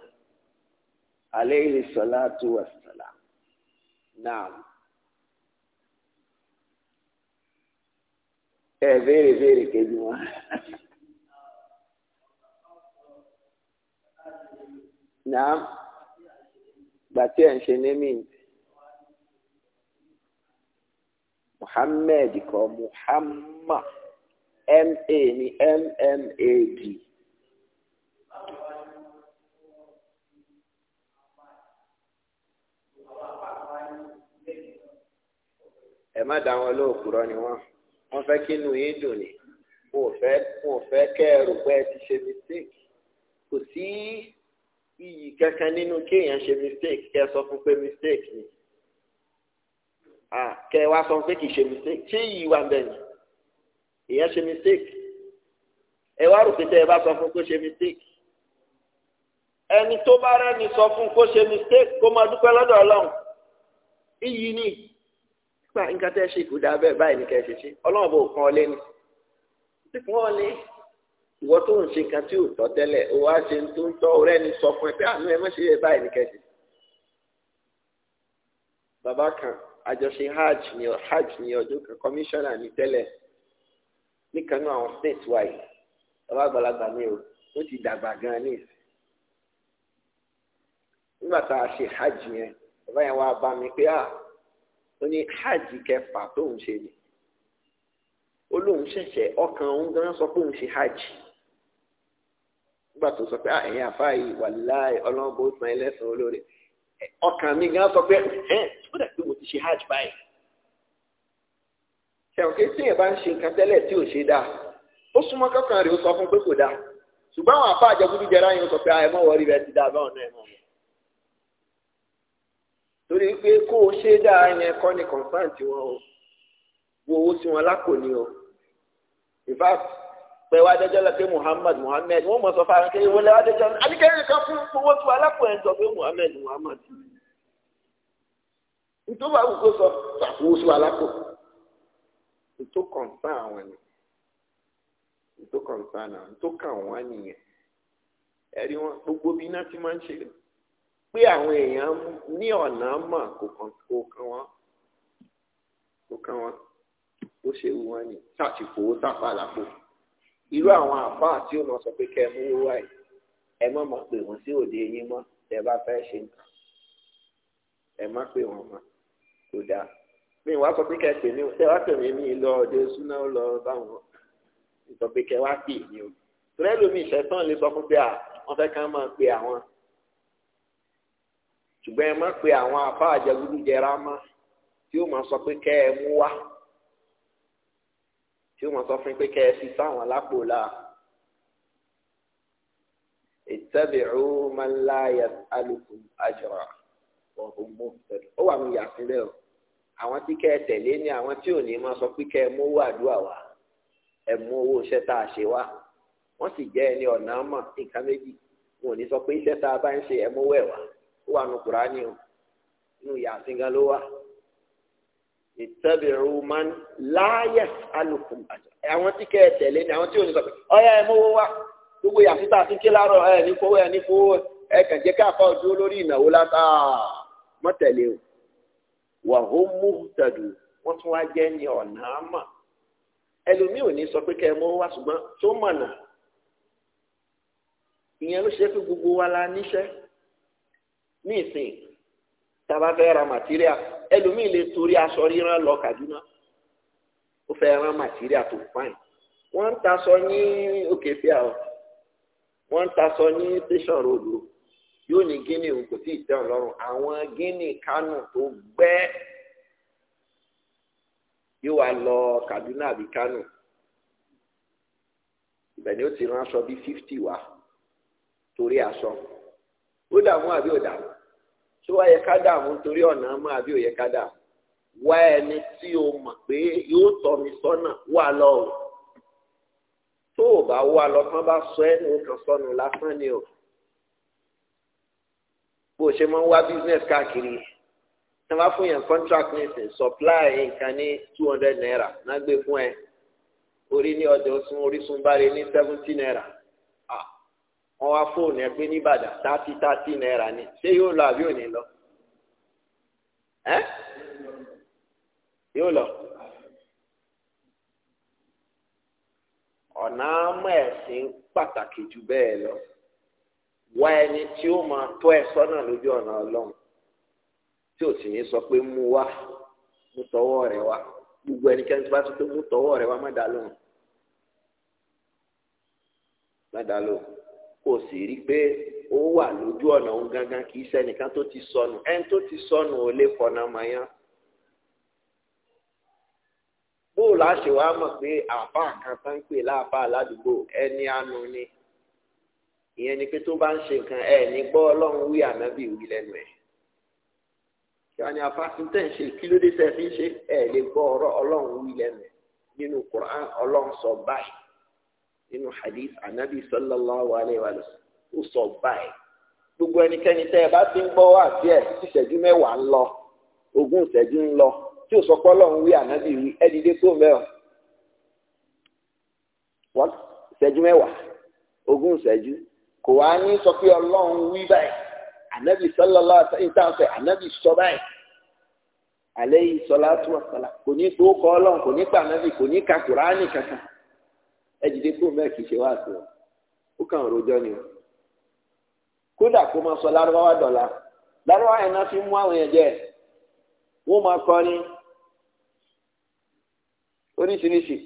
aleyhi salatu wa salam naam. ẹ béèrè béèrè kejì wọn. náà gbàtí ẹ̀ ń ṣe némìn Muhammed kọ Muhammad ma ni mmad. ẹ má dá wọn lóòkúrọ ni wọn wọ́n fẹ́ kí inú yín dùn ní wọn ò fẹ́ wọn ò fẹ́ kẹ́ ẹ rò pé ẹ ti ṣe mistake kò sí iyì kankan nínú kéèyàn ṣe mistake kẹ́ sọ fún pé mistake ni kẹ́ ẹ wá sọ fún pé kì í ṣe mistake ṣé iyì wà bẹ́ẹ̀ ni èèyàn ṣe mistake ẹ wá rò pé tẹ́ ẹ bá sọ fún pé ṣe mistake ẹni tó bá rẹ́ni sọ fún kó ṣe mistake kó máa dúpẹ́ lọ́dọ̀ ọlọ́run iyì ni gba nǹkan tẹ́ ṣe kò dáa bẹ́ẹ̀ báyìí ní kẹ́ ṣe ṣe ọlọ́run bò kàn ọ́ lẹ́nu tí wọ́n ní ìwọ tó ń ṣe nǹkan tí ò tọ́ tẹ́lẹ̀ ó wá ṣe tó ń tọ́ ọ̀rẹ́ ni sọ fún ẹ pé àánú ẹ má ṣe yẹ báyìí ní kẹ́ ṣe. bàbá kan àjọṣe hajj ní hajj ní ọdún kan kọmíṣánná ní tẹ́lẹ̀ níkanú àwọn state wáyé bàbá àgbàlagbà mi ò ó ti dàgbà gan ní ìsìn nígbà tá a ṣe hajj yẹn bàbá yẹn wá bá mi pé ah ó ní hajj kẹfà tóun ṣe ni ó lóun ṣẹ̀ṣẹ̀ ọkàn òun gan sọ pé òun ṣe hajj nígbà tó sọ pé ah, ẹ̀yin àfáà yìí wàláhì ọlọ́run bó san ẹlẹ́sìn olóore ọkàn mi gan sọ pé ẹ̀ ó dà pé mo ti ṣe hajj báyìí ṣẹ̀wọ̀n kí tíyẹ̀ bá ń ṣe nǹkan tẹ́lẹ̀ tí ò ṣe dáa ó súnmọ́ kọ́kàn rẹ̀ ó sọ fún pé kò dáa ṣùgbọ́n àwọn àfáà jẹgúdú jẹrá yẹn sọ pé ah, ẹ mọ̀ wọ́rí rẹ ti dáa báwọn náà ẹ mọ̀ torí pé kó o ṣe dáa yẹn kọ́ ni kọ̀ǹsáǹtì wọn o wo owó sí wọn lápò ni o in fact pẹ̀lú adéjọ́ pé Muhammad Muhammad wọ́n mọ̀ sọ fún akẹ́kẹ́ ìwọ lẹ́wọ́ adéjọ́ adékẹ́rẹ́ kan fún owó tí wọn lápò ẹ̀ sọ pé Muhammad Muhammad nítorí àwọn kò sọ pàtó owó sí wọn lápò nítorí kọ̀ǹsáǹ àwọn ni nítorí kọ̀ǹsáǹ àwọn nítorí kàn wọ́n nìyẹn ẹ̀rí wọn gbogbo bí iná ti máa ń ṣe lẹ́yìn pé àwọn èèyàn ní ọ̀nà mọ̀ kò kàn kò kàn wọ́n kò kàn wọ́n bó ṣe wù wọ́n ni táàtì fowó tàpá àlàpò irú àwọn àbá àti ọmọ sọ pé kẹ́ mú wíwá yìí ẹ má mọ̀ pé wọ́n sí òde yín mọ́ tẹ bá fẹ́ ṣe nǹkan ẹ má pè wọ́n mọ́ kò dáa mi wá sọ pé kẹ́ pè mí tẹ wá pè mí mi lọ òde súná lọ báwọn sọ pé kẹ́ wá pè mí o tọ́lẹ́ lómi ìṣẹ́tàn lè sọ fún pé à wọ́n fẹ́ ká máa pe àwọn ṣùgbọ́n ẹ má pe àwọn afá àjẹgúdújẹra mọ́ tí ó máa sọ pé kẹ́ ẹ mú wá tí ó máa sọ fún pé kẹ́ ẹ fi sáwọn lápò la ittabi'u man la yas'alukum ajra wa hum muhtadun ó wà mí yà sílẹ̀ o àwọn tí kẹ́ ẹ tẹ̀lé ni àwọn tí ò ní máa sọ pé kẹ́ ẹ mú wà dúà wá ẹ mú owó iṣẹ́ tá a ṣe wá wọ́n sì jẹ́ ẹni ọ̀nà mọ̀ nǹkan méjì wọn ò ní sọ pé iṣẹ́ tá a bá ń ṣe ẹ mú wẹ̀ wá. ó wà nù kúránì o nù yàtí gan ló wà ìtẹ́bìrú man láyẹ̀ alùpùpù àwọn tí kẹ́ ẹ tẹ̀lé ni àwọn tí ò ní ọ̀yà ẹ̀ gbogbo yàtí tá a ti ń ké láàárọ̀ ẹ̀ ní fowó ẹ̀ ní fowó ẹ̀ jẹ́ lórí ìnáwó látà o wà ó mú tẹ̀dù wọ́n tún wá jẹ́ ní ọ̀nà àmà ẹlòmíì ò ní sọ pé kẹ́ ẹ mọ́wọ́ ṣùgbọ́n tó mọ̀nà ìyẹn ló ṣe gbogbo wa la níṣẹ́ ní ìsìn tàbá fẹ́ ra màtíríà ẹlòmíì lè torí aṣọ ríran lọ Kaduna ó fẹ́ ra màtíríà tó fáìn wọ́n ń taṣọ ní òkè fíà ọ wọ́n ń taṣọ ní tẹ̀sán ròdò yóò ní gíní òun kò tí ì tẹ́ ọ lọ́rùn àwọn gíní kánò tó gbẹ́ yóò wá lọ Kaduna àbí kánò ibẹ̀ ni ó ti rán aṣọ bíi fifty wa torí aṣọ ó dààmú àbí ó dààmú ṣé wàá yẹ ká dààmú torí ọ̀nà àmọ́ àbí òye ká dààmú wá ẹni tí o mọ̀ pé yóò tọ́ mi sọ́nà wà lọ o tó o bá wà lọ tán bá sọ ẹnu kan sọnù lásán ni o bó o ṣe máa ń wá business káàkiri tí wọ́n bá fún yẹn contract nísìn supply nǹkan ní two hundred naira náà gbé fún ẹ orí ní ọjọ́ sun orísun bá rí ní seventy naira wọn wá fóònù ẹ pé nìbàdàn tààtì tààtì náírà ni ṣé yóò lọ àbí ò ní lọ ẹ yóò lọ ọ̀nà àmọ́ ẹ̀sìn pàtàkì jù bẹ́ẹ̀ lọ wá ẹni tí ó máa tọ́ ẹ sọ́nà lójú ọ̀nà ọlọ́run tí ò sì ní sọ pé mú wá mú tọwọ́ rẹ wá gbogbo ẹnikẹ́ni tó bá sọ pé mú tọwọ́ rẹ wá má dá lóhùn má dá lóhùn. kò sì rí pé ó wà lójú ọ̀nà òun gangan kì í ṣẹnìkan tó ti sọnù ẹni tó ti sọnù ò lè fọnà mọ̀yán. bóòlù àṣewà mọ̀ pé àbá kan tán ń pè láàbá aládùúgbò ẹni àánú ni ìyẹn ni pé tó bá ń ṣe nǹkan ẹ ní gbọ́ ọlọ́run wí ànábì wí lẹ́nu ẹ̀. kí wọ́n ní afásitì tẹ̀ ń ṣe kí ló dé tẹ̀ fi ń ṣe lè gbọ́ ọlọ́run wí lẹ́nu ẹ̀ nínú ọlọ́run sọ báyìí. nínú hadith anabi sallallahu alayhi wa sallam ó sọ báyìí gbogbo ẹnikẹ́ni tẹ́ ẹ bá ti ń gbọ́ wá sí ẹ̀ tí ìṣẹ́jú mẹ́wàá ń lọ ogún ìṣẹ́jú ń lọ tí ò sọ pé ọlọ́run wí ànábì wí ẹ dìde tó mẹ́ọ̀ wọ́n ìṣẹ́jú mẹ́wàá ogún ìṣẹ́jú kò wá ní sọ pé ọlọ́run wí báyìí ànábì sọlọ́lá ìtànfẹ́ ànábì sọ báyìí àlẹ́ yìí sọlá tó wà sọlá kò ní tó kọ́ ọlọ́run kò ní pa ànábì kò ní ka kùránì kankan ẹ jìde kó mẹ́ẹ̀ kì í ṣe wá sí ọ ó kàn rojọ́ ni o kódà kó máa sọ lárúbáwá dọ̀la lárúbáwá yẹn náà fi mú àwọn yẹn jẹ wọ́n máa kọrin oríṣiríṣi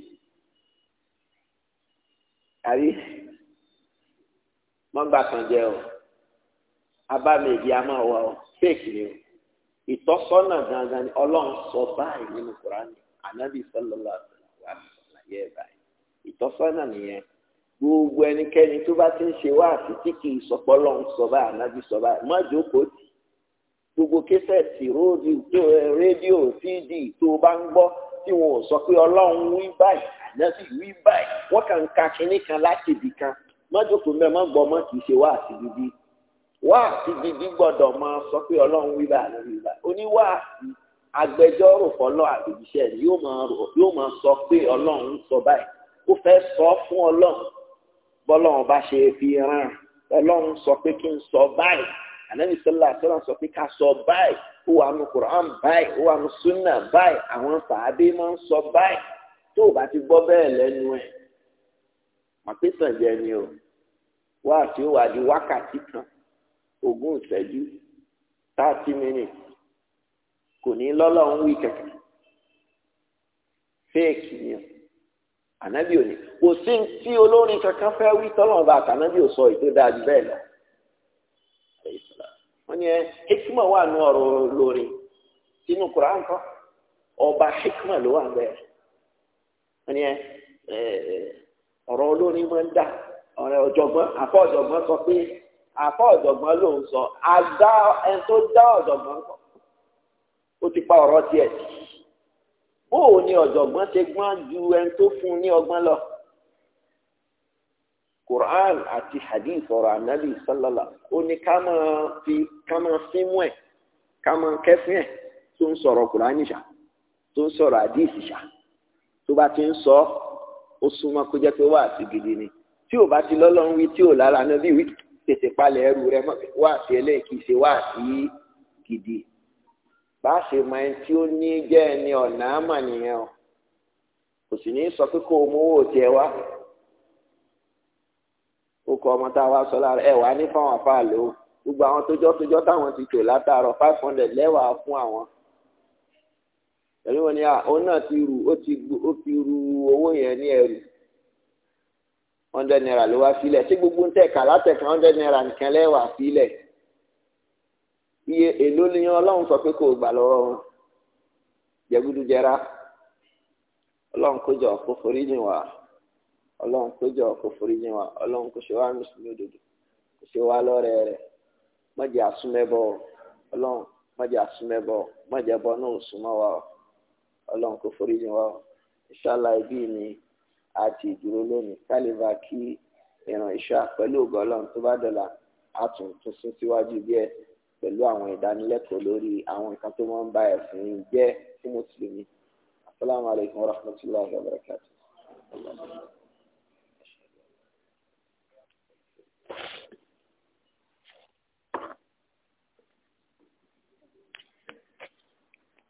àbí mọ́gbà kan jẹ o abámi a máa wọ ọ fake ni o ìtọ́sọ́nà gangan ni ọlọ́run sọ báyìí nínú kúránì ànábì sọlọ́lá àti àlàyé ẹ̀ báyìí ìtọ́sọ́nà nìyẹn gbogbo ẹnikẹ́ni tó bá ti ń ṣe wá àti tí kì í sọpọ́ lọ́hùn sọ́bà ànábì sọ́bà má jókòó tì gbogbo késẹ̀tì rédíò cd tó bá ń gbọ́ tí wọn ò sọ pé ọlọ́run wí báyìí ànábì wí báyìí wọ́n kàn ń ka kinní kan láti ibì kan má jókòó mẹ́ẹ̀ má gbọ́ mọ́ kì í ṣe wá àti gidi wá àti gidi gbọ́dọ̀ máa sọ pé ọlọ́run wí báyìí ànábì wí báyìí oníwà àgbẹjọ́rò fọlọ́ àbẹ̀bíṣẹ́ yóò máa ó fẹ́ sọ fún ọlọ́run bọ́lọ́run bá ṣe fi rán ọlọ́run sọ pé kí n sọ báyìí ànábì sọlá sọlá sọ pé ká sọ báyìí ó wà nù Quran báyìí ó wà nù sunna báyìí àwọn sàábé máa ń sọ báyìí tó o bá ti gbọ́ bẹ́ẹ̀ lẹ́nu ẹ̀ màpẹ́sàn jẹ ni o wá àti ó wà di wákàtí kan ogún ìṣẹ́jú thirty minutes kò ní lọ́lọ́run wí kẹ̀kẹ́ fẹ́ẹ̀kì ni o ànábì òní kò sí tí olórin kankan fẹ́ wí tọ́lọ̀ bá àtànábì ò sọ ètò dáa jù bẹ́ẹ̀ lọ. wọ́n ní ẹ hikma wà nù ọ̀rọ̀ lórin sínú Qur'an kan ọba hikma ló wà bẹ́ẹ̀. wọ́n ní ẹ ọ̀rọ̀ olórin máa ń dà ọ̀rẹ́ ọ̀jọ̀gbọ́n àfọ̀ ọ̀jọ̀gbọ́n sọ pé àfọ̀ ọ̀jọ̀gbọ́n ló ń sọ àdá ẹni tó dá ọ̀jọ̀gbọ́n kọ ó ti pa ọ̀rọ̀ tiẹ̀ sí bó o ní ọ̀jọ̀gbọ́n ṣe gbọ́n ju ẹni tó fún ní ọgbọ́n lọ. Quran àti hadith ọ̀rọ̀ anabi sallala ó ní ká máa fi ká máa símú ẹ̀ ká máa kẹ́sìn ẹ̀ tó ń sọ̀rọ̀ Quran ṣá tó ń sọ̀rọ̀ hadith ṣá tó bá ti ń sọ ó súnmọ́ kó jẹ́ pé wà á ti gidi ni tí ò bá ti lọ́lọ́run wí tí ò lára náà bí wí tètè palẹ̀ ẹrù rẹ wá sí ẹlẹ́ẹ̀kì ṣe wá sí gidi báàṣì mọ ẹni tí ó ní jẹ́ ẹni ọ̀nà àmà nìyẹn o kò sì ní sọ pé kó o mú owó tiẹ̀ wá ó kọ ọmọ tá a wá sọ lára ẹ wà ní fáwọn afáàlò gbogbo àwọn tójọ́ tójọ́ táwọn ti tò látàárọ̀ five hundred lẹ́wàá fún àwọn ẹ̀rí wọn ni òun náà ti rù ó ti ó fi ru owó yẹn ní ẹrù hundred naira ló wá sílẹ̀ ṣé gbogbo ń tẹ̀ kà látẹ̀kàn hundred naira nìkan lẹ́wàá sílẹ̀ iye èló ni ọlọ́run sọ pé kò gbà lọ́wọ́ wọn jẹgúdújẹrá ọlọ́run kójọ kó forí jìn wá ọlọ́run kójọ kó forí jìn wá ọlọ́run kó ṣe wá mùsùlùmí òdodo kó ṣe wá lọ́rẹ́ rẹ̀ má jẹ́ àsúnmẹ́bọ ọlọ́run má jẹ́ àsúnmẹ́bọ má jẹ́ bọ́ náà súnmọ́ wa ọlọ́run kó forí jìn wá ìṣàlá ibi ni àti ìdúró lónìí kálífà kí ìràn ìṣá pẹ̀lú ògbọ́lọ́run tó bá dọ̀là àtúntún síwájú díẹ̀ pẹ̀lú àwọn ìdánilẹ́kọ̀ọ́ lórí àwọn nǹkan tó máa ń ba ẹ̀sìn jẹ́ fún mùsùlùmí. asalaamualeykum wa rahmatulahi wa barakatuh.